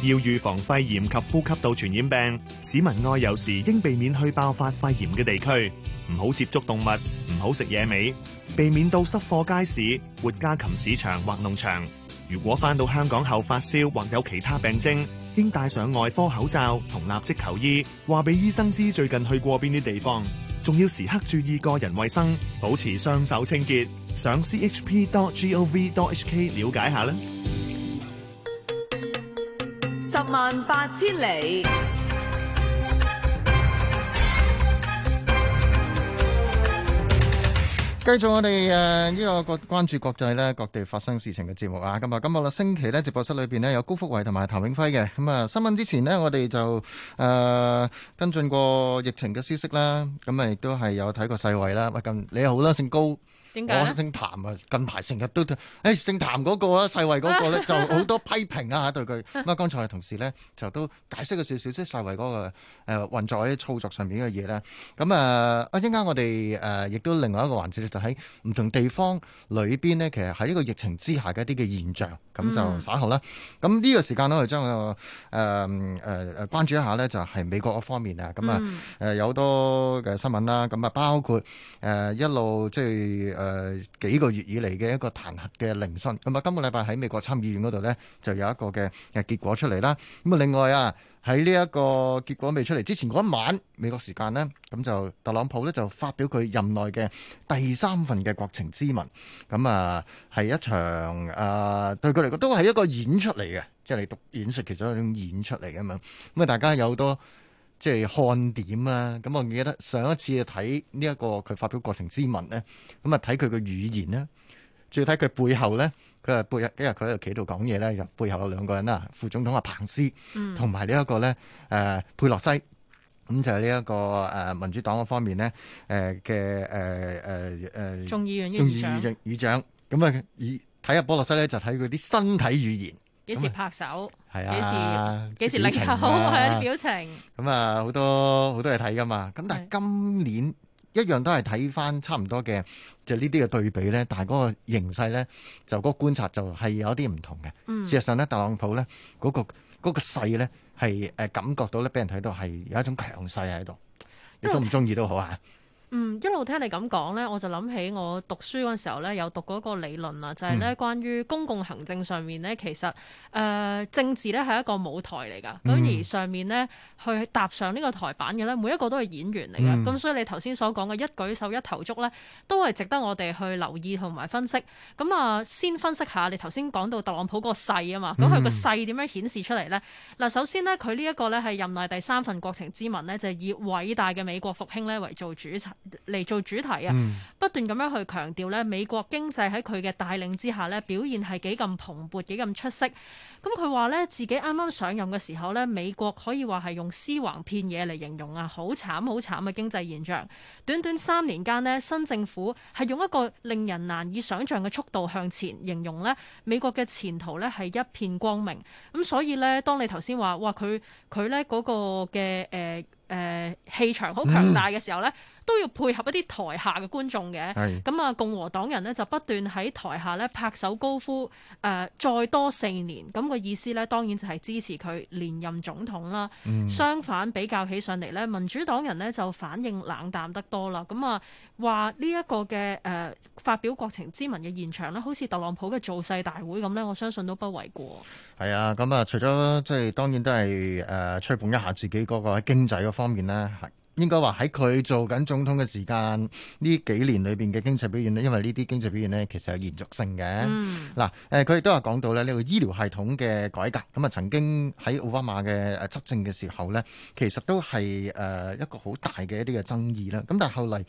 要預防肺炎及呼吸道傳染病，市民外遊時應避免去爆發肺炎嘅地區，唔好接觸
動物，唔好食野味，避免到濕貨街市、活家禽市場或農場。如果翻到香港後發燒或有其他病徵，應戴上外科口罩同立即求醫，話俾醫生知最近去過邊啲地方，仲要時刻注意
個人衛生，保持雙手清潔。上 chp.gov.hk 了解下啦。
十萬八千里。繼續我哋誒呢個國關注國際咧，各地發生事情嘅節目啊。咁啊，今日咧星期咧直播室裏邊呢有高福偉同埋譚永輝嘅。咁啊，新聞之前呢，我哋就誒跟進過疫情嘅消息啦。咁啊，亦都係有睇過世衛啦。喂，咁你好啦，姓高。點解姓譚啊！近排成日都誒姓譚嗰個啊，世衞嗰個咧就好多批評啊嚇對佢。咁啊，剛才嘅同事咧就都解釋咗少少，即世衞嗰個誒運作喺操作上面嘅嘢咧。咁啊啊，一陣間我哋誒亦都另外一個環節咧，就喺、是、唔同地方裏邊呢。其實喺呢個疫情之下嘅一啲嘅現象，咁就稍後啦。咁呢、嗯、個時間呢，我哋將個誒誒誒關注一下呢，就係美國方面啊。咁啊誒有好多嘅新聞啦。咁啊包括誒、呃、一路即係。Uh, 誒，幾個月以嚟嘅一個彈劾嘅聆訊，咁啊，今個禮拜喺美國參議院嗰度呢，就有一個嘅誒結果出嚟啦。咁啊，另外啊，喺呢一個結果未出嚟之前嗰一晚，美國時間呢，咁就特朗普呢，就發表佢任內嘅第三份嘅國情咨文。咁啊，係一場誒、啊，對佢嚟講都係一個演出嚟嘅，即係你讀演說，其實係一種演出嚟嘅嘛。咁啊，大家有好多。即係看點啦、啊，咁我記得上一次睇呢一個佢發表國情咨文咧，咁啊，睇佢嘅語言仲要睇佢背後呢，佢啊背日一日佢喺度企度講嘢咧，又背後有兩個人啊，副總統阿彭斯，同埋呢一個呢，誒佩洛西，咁、嗯這個呃、就係呢一個誒民主黨方面呢誒嘅誒誒誒眾議院議長，眾議，議長，咁啊以睇下佩洛西呢，就睇佢啲身體語言。幾時拍手？係啊，幾時幾時立克？係啊，啲、啊、表情。咁啊，好多好多嘢睇噶嘛。咁但係今年一樣都係睇翻差唔多嘅，就呢啲嘅對比咧。但係嗰個形勢咧，就嗰個觀察就係有啲唔同嘅。嗯、事實上咧，特朗普咧嗰、那個嗰、那個勢咧係誒感覺到咧，俾人睇到係有一種強勢喺度。嗯、你中唔中意都好啊。
嗯，一路聽你咁講呢，我就諗起我讀書嗰陣時候呢，有讀過一個理論啊，就係、是、呢關於公共行政上面呢。其實誒、呃、政治呢係一個舞台嚟噶，咁、嗯、而上面呢，去踏上呢個台板嘅呢，每一個都係演員嚟噶，咁、嗯、所以你頭先所講嘅一舉手一投足呢，都係值得我哋去留意同埋分析。咁啊，先分析下你頭先講到特朗普個勢啊嘛，咁佢個勢點樣顯示出嚟呢？嗱、嗯，首先呢，佢呢一個呢係任內第三份國情咨文呢，就係、是、以偉大嘅美國復興呢為做主嚟做主題啊！嗯、不斷咁樣去強調咧，美國經濟喺佢嘅帶領之下咧，表現係幾咁蓬勃，幾咁出色。咁佢話咧，自己啱啱上任嘅時候咧，美國可以話係用屍橫遍野」嚟形容啊，好慘好慘嘅經濟現象。短短三年間呢，新政府係用一個令人難以想象嘅速度向前，形容咧美國嘅前途咧係一片光明。咁、嗯、所以咧，當你頭先話哇，佢佢咧嗰個嘅誒誒氣場好強大嘅時候咧。嗯都要配合一啲台下嘅觀眾嘅，咁啊的共和黨人咧就不斷喺台下咧拍手高呼，誒、呃、再多四年，咁個意思咧當然就係支持佢連任總統啦。嗯、相反比較起上嚟咧，民主黨人咧就反應冷淡得多啦。咁啊話呢一個嘅誒、呃、發表國情咨文嘅現場咧，好似特朗普嘅造勢大會咁咧，我相信都不為過，
係啊，咁啊，除咗即係當然都係誒吹捧一下自己嗰個喺經濟嗰方面咧，係。應該話喺佢做緊總統嘅時間呢幾年裏邊嘅經濟表現呢，因為呢啲經濟表現呢其實係有連續性嘅。嗱、嗯，誒佢亦都話講到咧呢個醫療系統嘅改革，咁、呃、啊曾經喺奧巴馬嘅執政嘅時候呢，其實都係誒、呃、一個好大嘅一啲嘅爭議啦。咁但係後嚟誒、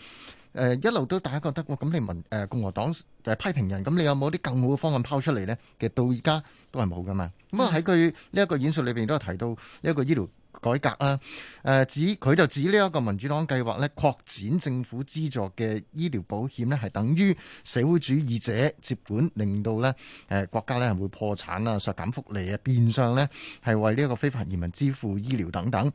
呃、一路都大家覺得，哇！咁你問誒共和黨誒、呃、批評人，咁、嗯、你有冇啲更好嘅方案拋出嚟呢？」其實到而家都係冇㗎嘛。咁啊喺佢呢一個演說裏邊都係提到呢一個醫療。改革啦，誒、呃、指佢就指呢一個民主黨計劃咧，擴展政府資助嘅醫療保險咧，係等於社會主義者接管，令到咧誒、呃、國家咧係會破產啊、削減福利啊，變相咧係為呢一個非法移民支付醫療等等。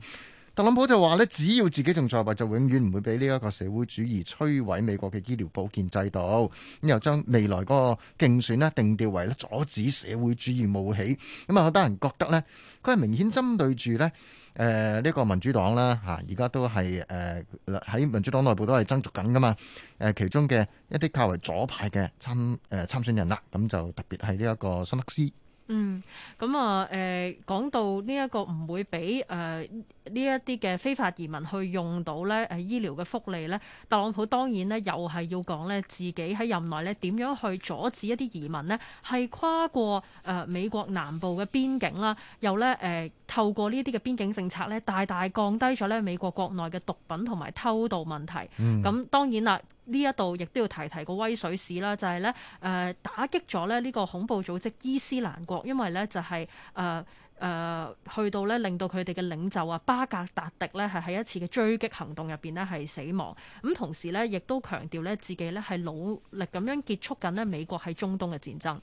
特朗普就話咧，只要自己仲在位，就永遠唔會俾呢一個社會主義摧毀美國嘅醫療保健制度。咁又將未來嗰個競選定調為咧阻止社會主義冒起。咁啊，好多人覺得呢，佢係明顯針對住咧誒呢個民主黨啦嚇，而家都係誒喺民主黨內部都係爭逐緊噶嘛。誒其中嘅一啲較為左派嘅參誒參選人啦，咁就特別係呢一個桑德斯。
嗯，咁、嗯、啊，誒、嗯、講到呢一個唔會俾誒呢一啲嘅非法移民去用到咧誒醫療嘅福利咧，特朗普當然咧又係要講咧自己喺任內咧點樣去阻止一啲移民呢，係跨過誒、呃、美國南部嘅邊境啦，又咧誒、呃、透過呢啲嘅邊境政策咧大大降低咗咧美國國內嘅毒品同埋偷渡問題，咁、嗯嗯嗯、當然啦。呢一度亦都要提提個威水史啦，就係呢，誒打擊咗咧呢個恐怖組織伊斯蘭國，因為呢就係誒誒去到呢，令到佢哋嘅領袖啊巴格達迪呢係喺一次嘅追擊行動入邊呢係死亡，咁同時呢，亦都強調呢自己呢係努力咁樣結束緊呢美國喺中東嘅戰爭。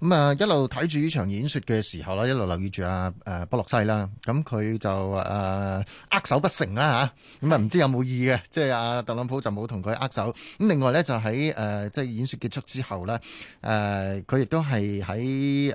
咁、嗯、啊，一路睇住呢場演説嘅時候啦，一路留意住阿誒波洛西啦，咁佢就誒握手不成啦嚇，咁啊唔、啊、知有冇意義嘅，即係阿特朗普就冇同佢握手。咁、啊、另外呢，就喺誒、啊、即係演説結束之後呢，誒佢亦都係喺誒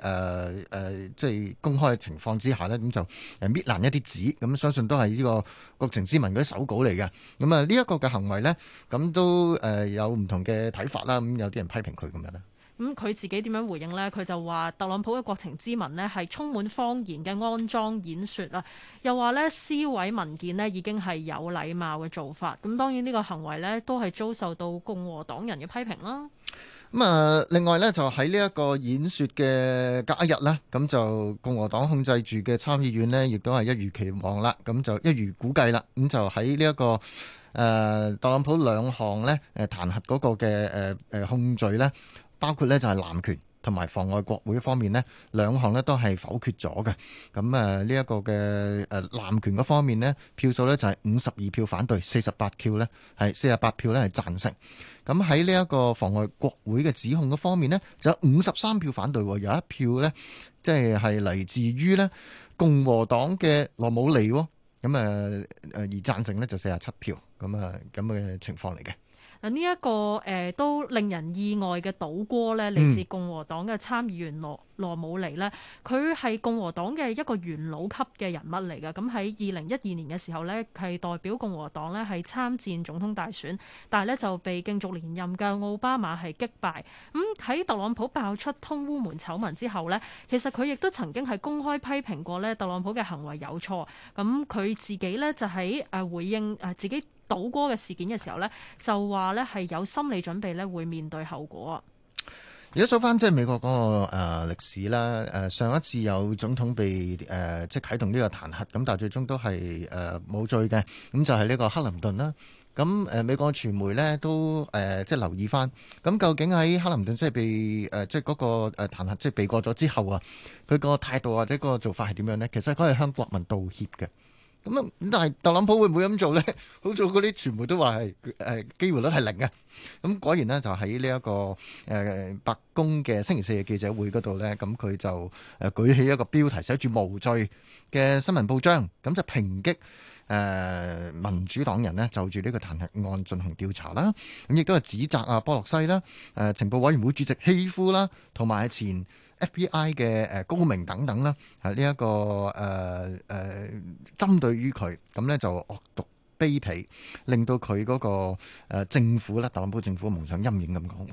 誒即係公開情況之下呢，咁、啊、就誒搣爛一啲紙，咁、啊、相信都係呢個國情咨文嗰啲手稿嚟嘅。咁啊呢一、啊這個嘅行為呢，咁、啊、都誒有唔同嘅睇法啦。咁、啊、有啲人批評佢咁樣啊。
咁佢、嗯、自己點樣回應呢？佢就話特朗普嘅國情咨文呢係充滿謊言嘅安裝演說啦，又話呢，撕毀文件呢已經係有禮貌嘅做法。咁、嗯、當然呢個行為呢都係遭受到共和黨人嘅批評啦。咁
啊、嗯呃，另外呢，就喺呢一個演説嘅隔一日呢，咁就共和黨控制住嘅參議院呢亦都係一如期望啦，咁就一如估計啦。咁就喺呢一個誒、呃、特朗普兩項呢誒彈、呃、劾嗰個嘅誒誒控罪呢。包括呢就係濫權同埋妨礙國會方面呢，兩項呢都係否決咗嘅。咁誒呢一個嘅誒濫權嗰方面呢，票數呢就係五十二票反對，四十八票呢係四十八票呢係贊成。咁喺呢一個妨礙國會嘅指控嗰方面呢，就有五十三票反對，有一票呢，即係係嚟自於呢共和黨嘅羅姆尼。咁誒誒而贊成呢就四十七票。咁啊咁嘅情況嚟嘅。
呢一、這個誒、呃、都令人意外嘅倒戈，咧，嚟自共和黨嘅參議員羅羅姆尼咧，佢係共和黨嘅一個元老級嘅人物嚟嘅。咁喺二零一二年嘅時候咧，係代表共和黨咧係參戰總統大選，但係咧就被競逐連任嘅奧巴馬係擊敗。咁、嗯、喺特朗普爆出通烏門醜聞之後咧，其實佢亦都曾經係公開批評過咧特朗普嘅行為有錯。咁、嗯、佢自己呢，就喺誒、呃、回應誒、呃、自己。倒戈嘅事件嘅時候呢，就話呢係有心理準備呢會面對後果啊！而
家數翻即係美國嗰個誒歷史啦，誒上一次有總統被誒即係啟動呢個彈劾，咁但係最終都係誒冇罪嘅，咁就係呢個克林頓啦。咁誒美國傳媒呢都誒即係留意翻，咁究竟喺克林頓即係被誒即係嗰個誒彈劾即係避過咗之後啊，佢個態度或者個做法係點樣呢？其實佢係向國民道歉嘅。咁但係特朗普會唔會咁做咧？好做嗰啲全部都話係誒機會率係零嘅。咁 果然呢、這個，就喺呢一個誒白宮嘅星期四嘅記者會嗰度呢，咁佢就誒舉起一個標題寫住無罪嘅新聞報章，咁就抨擊誒、呃、民主黨人呢，就住呢個彈劾案進行調查啦。咁、啊、亦都係指責阿、啊、波洛西啦，誒、啊、情報委員會主席希夫啦，同埋喺前 FBI 嘅誒高明等等啦，係呢一個誒誒、呃呃、針對於佢咁咧就惡、哦、毒。卑鄙，令到佢嗰個誒政府咧，特朗普政府蒙上陰影咁講喎。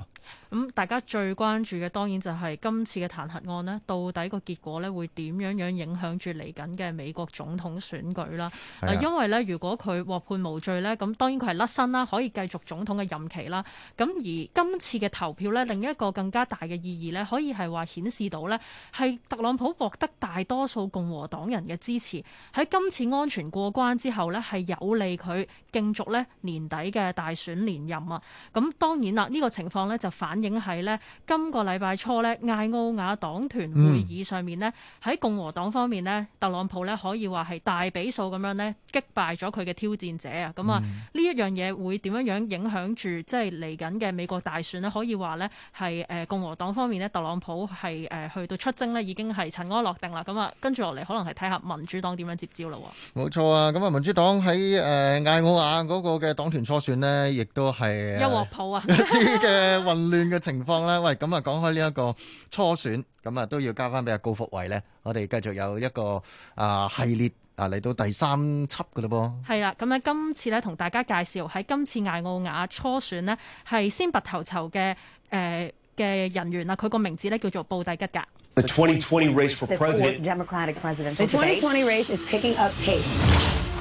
咁大家最關注嘅當然就係今次嘅彈劾案咧，到底個結果咧會點樣樣影響住嚟緊嘅美國總統選舉啦，嗱因為咧，如果佢獲判無罪咧，咁當然佢係甩身啦，可以繼續總統嘅任期啦。咁而今次嘅投票咧，另一個更加大嘅意義咧，可以係話顯示到咧，係特朗普獲得大多數共和黨人嘅支持，喺今次安全過關之後咧，係有利。佢競逐咧年底嘅大選連任啊！咁、啊、當然啦，呢、這個情況咧就反映係咧今個禮拜初咧艾奧瓦黨團會議上面咧喺、嗯、共和黨方面咧，特朗普咧可以話係大比數咁樣咧擊敗咗佢嘅挑戰者啊！咁啊，呢一樣嘢會點樣樣影響住即係嚟緊嘅美國大選咧？可以話咧係誒共和黨方面咧，特朗普係誒、呃、去到出征咧已經係塵埃落定啦！咁啊，跟住落嚟可能係睇下民主黨點樣接招咯、啊。
冇錯啊！咁啊，民主黨喺誒。呃誒，艾奧雅嗰個嘅黨團初選呢，亦都係一鑊
泡啊， 一啲
嘅混亂嘅情況咧。喂，咁、嗯、啊，講開呢一個初選，咁、嗯、啊都要交翻俾阿高福慧咧。我哋繼續有一個啊系列啊嚟到第三輯噶咯噃。
係啦，咁 啊，今次咧同大家介紹喺今次艾奧雅初選呢，係先拔頭籌嘅誒嘅人員啊，佢個名字咧叫做布蒂吉噶。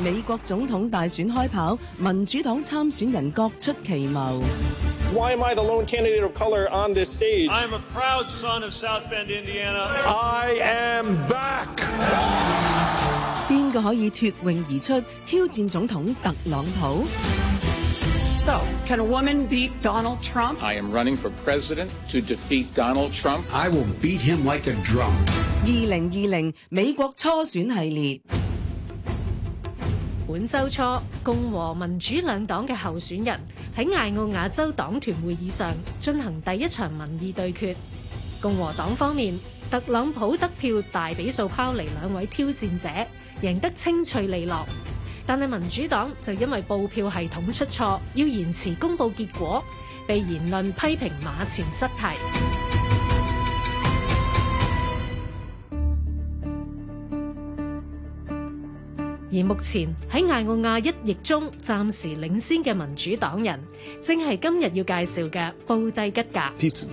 美國總統大選開跑，民主黨參選人各出奇謀。
Why am I the lone candidate of color on this stage? I
am a proud son of South Bend, Indiana. I am
back. 邊個可以脫穎而出挑戰總統特朗普？So, can a woman beat Donald Trump?
I am running for president to defeat Donald Trump. I will beat him like a
drum.
二零二零美國初選系列。本周初，共和民主兩黨嘅候選人喺艾奧瓦州黨團會議上進行第一場民意對決。共和黨方面，特朗普得票大比數拋離兩位挑戰者，贏得清脆利落。但係民主黨就因為報票系統出錯，要延遲公布結果，被言論批評馬前失蹄。而目前喺艾奧瓦一役中暫時領先嘅民主黨人，正係今日要介紹嘅布蒂吉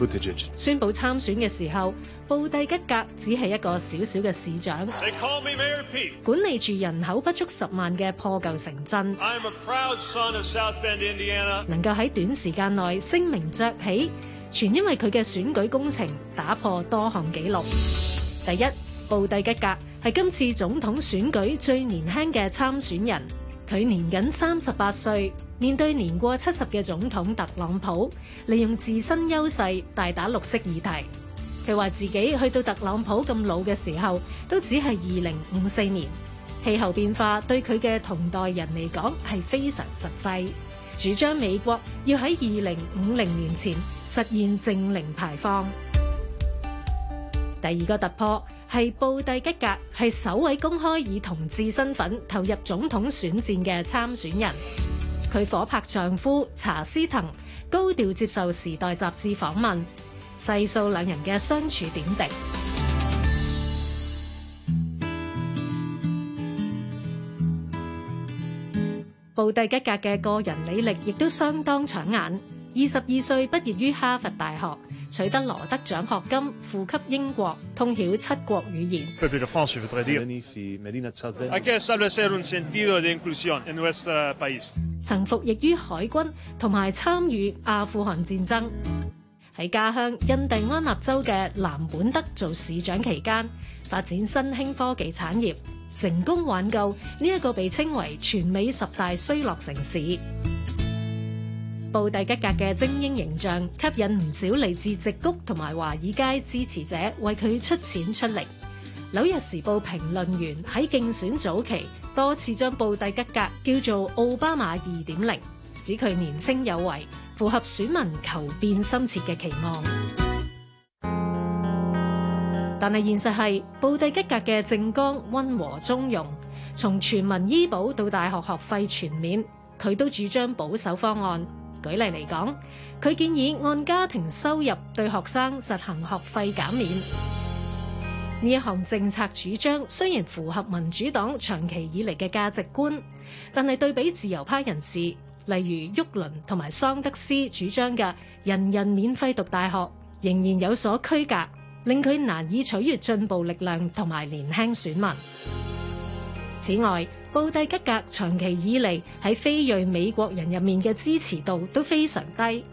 格。宣布參選嘅時候，布蒂吉格只係一個小小嘅市長，管理住人口不足十萬嘅破舊城鎮。
能夠
喺短時間內聲名鵲起，全因為佢嘅選舉工程打破多項紀錄。第一。布蒂吉格係今次總統選舉最年輕嘅參選人，佢年僅三十八歲，面對年過七十嘅總統特朗普，利用自身優勢大打綠色議題。佢話自己去到特朗普咁老嘅時候，都只係二零五四年。氣候變化對佢嘅同代人嚟講係非常實際，主張美國要喺二零五零年前實現淨零排放。第二個突破。係布蒂吉格係首位公開以同志身份投入總統選戰嘅參選人，佢夥拍丈夫查斯滕，高調接受《時代》雜誌訪問，細數兩人嘅相處點滴。 布蒂吉格嘅個人履歷亦都相當搶眼，二十二歲畢業於哈佛大學。取得羅德獎學金，負笈英國，通曉七國語
言。
曾 服役於海軍，同埋參與阿富汗戰爭。喺 家鄉印第安納州嘅南本德做市長期間，發展新興科技產業，成功挽救呢一個被稱為全美十大衰落城市。布蒂吉格嘅精英形象吸引唔少嚟自直谷同埋華爾街支持者為佢出錢出力。《紐約時報》評論員喺競選早期多次將布蒂吉格叫做奧巴馬二點零，指佢年輕有為，符合選民求變深切嘅期望。但係現實係布蒂吉格嘅政綱溫和中庸，從全民醫保到大學學費全免，佢都主張保守方案。舉例嚟講，佢建議按家庭收入對學生實行學費減免。呢一項政策主張雖然符合民主黨長期以嚟嘅價值觀，但係對比自由派人士，例如沃倫同埋桑德斯主張嘅人人免費讀大學，仍然有所區隔，令佢難以取悅進步力量同埋年輕選民。此外，布蒂吉格長期以嚟喺非裔美國人入面嘅支持度都非常低，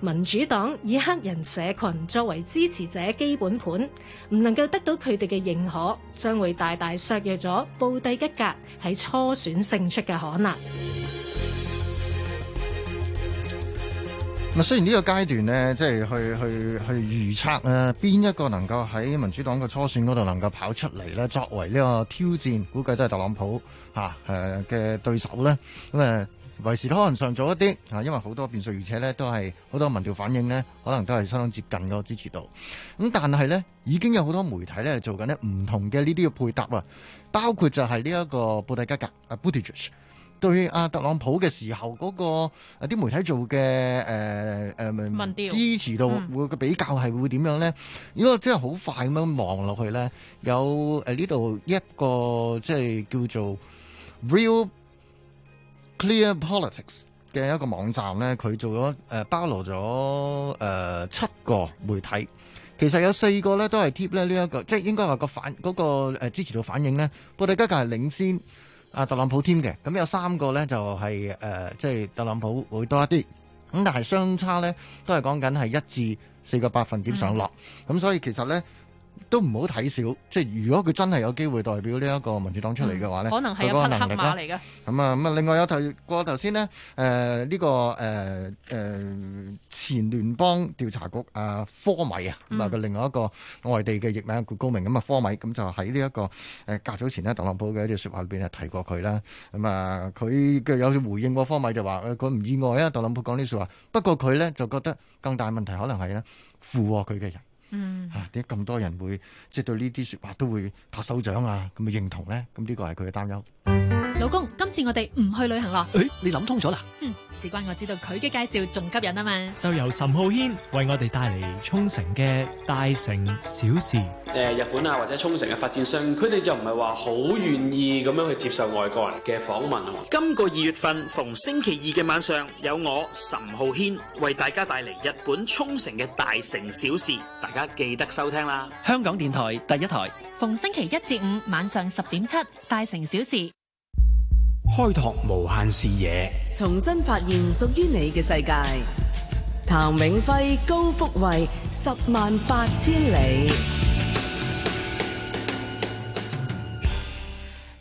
民主黨以黑人社群作為支持者基本盤，唔能夠得到佢哋嘅認可，將會大大削弱咗布蒂吉格喺初選勝出嘅可能。
咁雖然呢個階段呢，即係去去去預測咧、啊，邊一個能夠喺民主黨嘅初選嗰度能夠跑出嚟咧，作為呢個挑戰，估計都係特朗普吓誒嘅對手呢。咁、呃、誒，為時可能尚早一啲，啊，因為好多變數，而且呢都係好多民調反映呢，可能都係相當接近個支持度。咁但係呢，已經有好多媒體呢做緊呢唔同嘅呢啲嘅配搭啊，包括就係呢一個布蒂加格啊，對阿特朗普嘅時候嗰，那個啲、呃、媒體做嘅誒誒支持度會嘅比較係會點樣咧？如果，嗯、真係好快咁樣望落去咧，有誒呢度一個即係叫做 Real Clear Politics 嘅一個網站咧，佢做咗誒、呃、包羅咗誒、呃、七個媒體，其實有四個咧都係貼咧呢一個，即係應該話個反嗰，那個支持度反應咧，布特加格係領先。阿特朗普添嘅，咁有三個咧就係、是、誒，即、呃、係、就是、特朗普會多一啲，咁但係相差咧都係講緊係一至四個百分點上落，咁、嗯、所以其實咧，都唔好睇少，即係如果佢真係有機會代表呢一個民主黨出嚟嘅話咧，佢個、嗯、能、能力啦。咁啊、嗯、咁、嗯、啊，另外有提過頭先呢，誒、呃、呢、這個誒誒、呃呃、前聯邦調查局啊、呃、科米啊，咁啊個另外一個外地嘅譯名叫高明，咁啊科米，咁、嗯、就喺呢一個誒、呃、隔早前咧，特朗普嘅一啲說話裏邊係提過佢啦。咁、嗯、啊，佢、嗯、嘅有回應過科米，就話佢唔意外啊，特朗普講呢說話，不過佢呢就覺得更大問題可能係呢，附和佢嘅人。嗯，啊，點解咁多人會即係對呢啲説話都會拍手掌啊，咁嘅認同呢？咁呢個係佢嘅擔憂。老
公，
今次我哋唔去旅行咯。誒，你諗通咗啦？開拓無限視野，
重新發現屬於你嘅世界。譚永輝、高福慧，十萬八千里。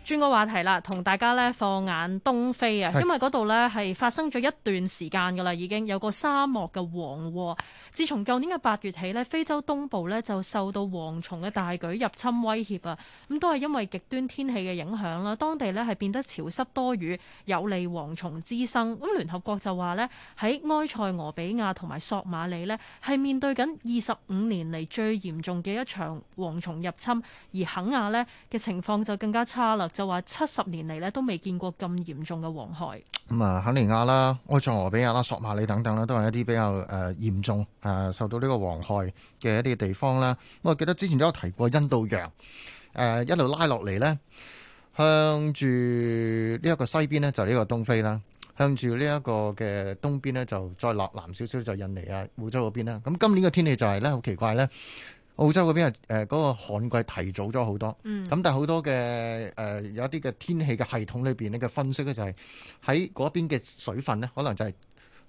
轉個話題啦，同大家咧放眼東非啊，因為嗰度呢係發生咗一段時間噶啦，已經有個沙漠嘅黃禍。自從舊年嘅八月起呢，非洲東部呢就受到蝗蟲嘅大舉入侵威脅啊。咁都係因為極端天氣嘅影響啦，當地呢係變得潮濕多雨，有利蝗蟲滋生。咁聯合國就話呢，喺埃塞俄比亞同埋索馬里呢，係面對緊二十五年嚟最嚴重嘅一場蝗蟲入侵，而肯亞呢嘅情況就更加差啦。就話七十年嚟咧都未見過咁嚴重嘅黃害。
咁啊、嗯，肯尼亞啦、埃塞俄比亞啦、索馬里等等啦，都係一啲比較誒嚴重啊，受到呢個黃害嘅一啲地方啦。我記得之前都有提過印度洋，誒、呃、一路拉落嚟呢，向住呢一個西邊呢，就呢、係、個東非啦；向住呢一個嘅東邊呢，就再落南少少就印尼啊、澳洲嗰邊啦。咁、嗯、今年嘅天氣就係咧好奇怪呢。澳洲嗰邊係誒嗰個旱季提早咗好多，咁、嗯、但係好多嘅誒、呃、有一啲嘅天氣嘅系統裏邊咧嘅分析咧就係喺嗰邊嘅水分咧可能就係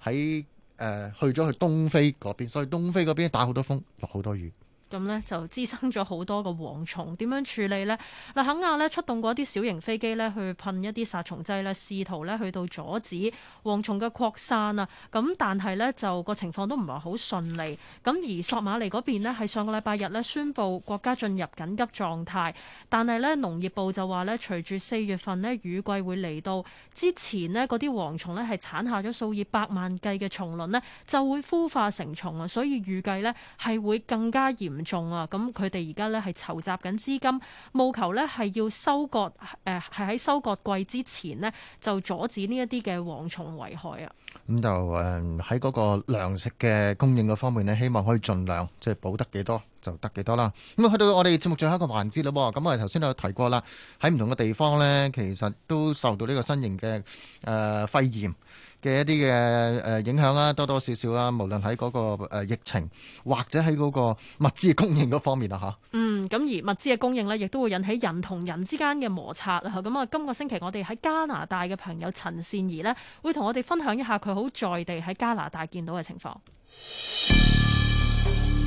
喺誒去咗去東非嗰邊，所以東非嗰邊打好多風，落好多雨。
咁呢就滋生咗好多個蝗蟲，點樣處理呢？嗱，肯亞呢出動過一啲小型飛機呢去噴一啲殺蟲劑呢，試圖呢去到阻止蝗蟲嘅擴散啊。咁但係呢，就個情況都唔係好順利。咁而索馬尼嗰邊呢係上個禮拜日呢宣布國家進入緊急狀態，但係呢，農業部就話呢，隨住四月份呢雨季會嚟到之前呢嗰啲蝗蟲呢，係產下咗數以百萬計嘅蟲卵呢，就會孵化成蟲啊，所以預計呢，係會更加嚴。種啊，咁佢哋而家咧係籌集緊資金，務求咧係要收割，誒係喺收割季之前呢就阻止呢一啲嘅蝗蟲危害啊。
咁就誒喺嗰個糧食嘅供應嘅方面呢，希望可以盡量即係補得幾多。就得幾多啦？咁去到我哋節目最後一個環節啦。咁我哋頭先都有提過啦，喺唔同嘅地方呢，其實都受到呢個新型嘅誒、呃、肺炎嘅一啲嘅誒影響啦，多多少少啦。無論喺嗰、那個、呃、疫情，或者喺嗰個物資嘅供應嗰方面啊，吓，嗯。
咁而物資嘅供應呢，亦都會引起人同人之間嘅摩擦啦。咁啊、嗯，今個星期我哋喺加拿大嘅朋友陳善儀呢，會同我哋分享一下佢好在地喺加拿大見到嘅情況。嗯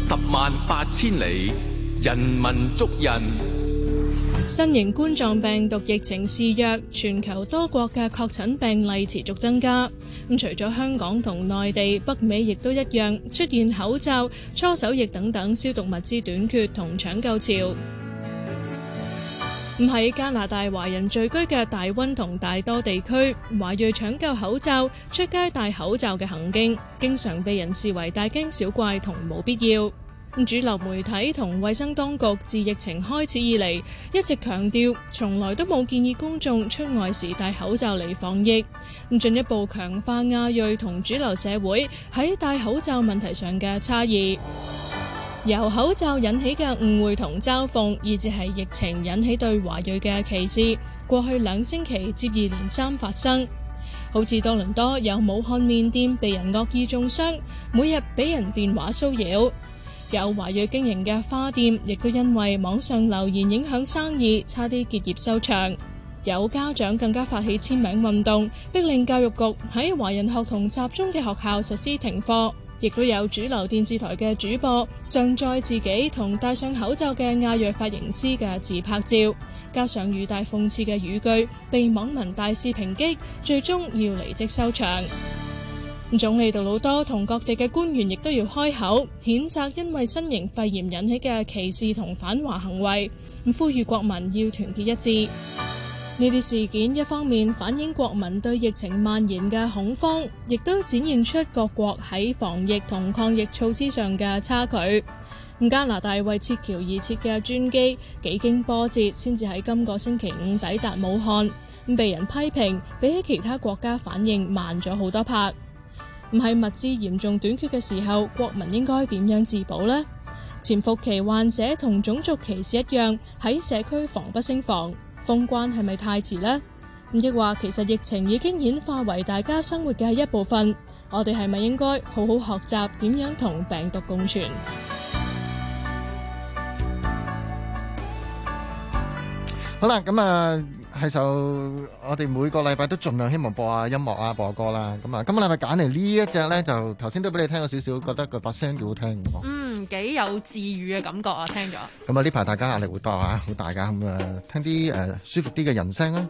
十萬八千里，人民捉人。
新型冠狀病毒疫情肆虐，全球多國嘅確診病例持續增加。咁、嗯、除咗香港同內地，北美亦都一樣出現口罩、搓手液等等消毒物資短缺同搶購潮。喺加拿大華人聚居嘅大溫同大多地區，華裔搶購口罩、出街戴口罩嘅行徑，經常被人視為大驚小怪同冇必要。主流媒體同衛生當局自疫情開始以嚟，一直強調，從來都冇建議公眾出外時戴口罩嚟防疫。咁進一步強化亞裔同主流社會喺戴口罩問題上嘅差異。由口罩引起嘅誤會同嘲諷，以至係疫情引起對華裔嘅歧視，過去兩星期接二連三發生。好似多倫多有武漢麵店被人惡意中傷，每日俾人電話騷擾；有華裔經營嘅花店亦都因為網上留言影響生意，差啲結業收場。有家長更加發起簽名運動，逼令教育局喺華人學童集中嘅學校實施停課。亦都有主流電視台嘅主播上載自己同戴上口罩嘅亞裔髮型師嘅自拍照，加上語帶諷刺嘅語句，被網民大肆抨擊，最終要離職收場。總理杜魯多同各地嘅官員亦都要開口譴責，因為新型肺炎引起嘅歧視同反華行為，呼籲國民要團結一致。呢啲事件一方面反映國民對疫情蔓延嘅恐慌，亦都展現出各國喺防疫同抗疫措施上嘅差距。加拿大為撤僑而設嘅專機幾經波折，先至喺今個星期五抵達武漢，被人批評比起其他國家反應慢咗好多拍。唔係物資嚴重短缺嘅時候，國民應該點樣自保呢？潛伏期患者同種族歧視一樣，喺社區防不勝防。封關係咪太遲呢？亦話其實疫情已經演化為大家生活嘅一部分，我哋係咪應該好好學習點樣同病毒共存？
好啦，咁啊。就我哋每個禮拜都盡量希望播下音樂啊，播歌啦，咁啊，今個禮拜揀嚟，呢一隻咧，就頭先都俾你聽過少少，覺得個把聲幾好聽嘅。嗯，
幾有治癒嘅感覺啊，聽咗。
咁啊，呢排大家壓力會多啊，好大噶，咁啊，聽啲誒舒服啲嘅人聲啊。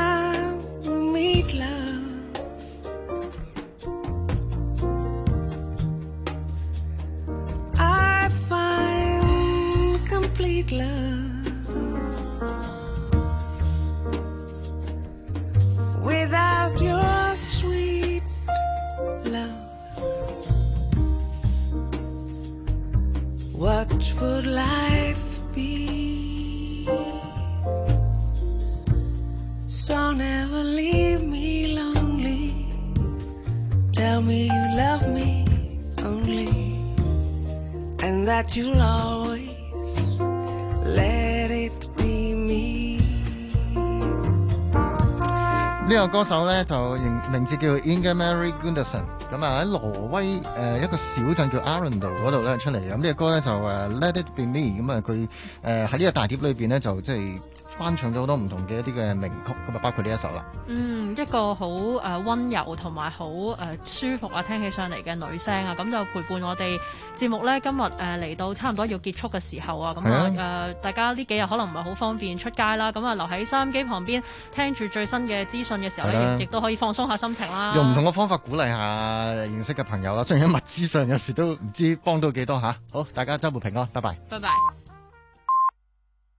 呢個歌手咧就名，名字叫 Inga Marie Gunderson，咁、嗯、啊喺挪威誒、呃、一個小鎮叫 Arundel 嗰度咧出嚟，咁、嗯、呢、這個歌咧就誒、是、Let It Be Me，咁啊佢誒喺呢個大碟裏邊咧就即係。就是翻唱咗好多唔同嘅一啲嘅名曲，咁啊包括呢一首啦。
嗯，一個好誒溫柔同埋好誒舒服啊，聽起上嚟嘅女聲啊，咁、嗯、就陪伴我哋節目咧。今日誒嚟到差唔多要結束嘅時候啊，咁啊誒，大家呢幾日可能唔係好方便出街啦，咁、嗯、啊留喺收音機旁邊聽住最新嘅資訊嘅時候咧，亦都、嗯、可以放鬆下心情啦。用唔同
嘅方法鼓勵下認識嘅朋友啦，雖然喺物資上有時都唔知幫到幾多吓、啊。好，大家周末平安，拜拜，
拜拜。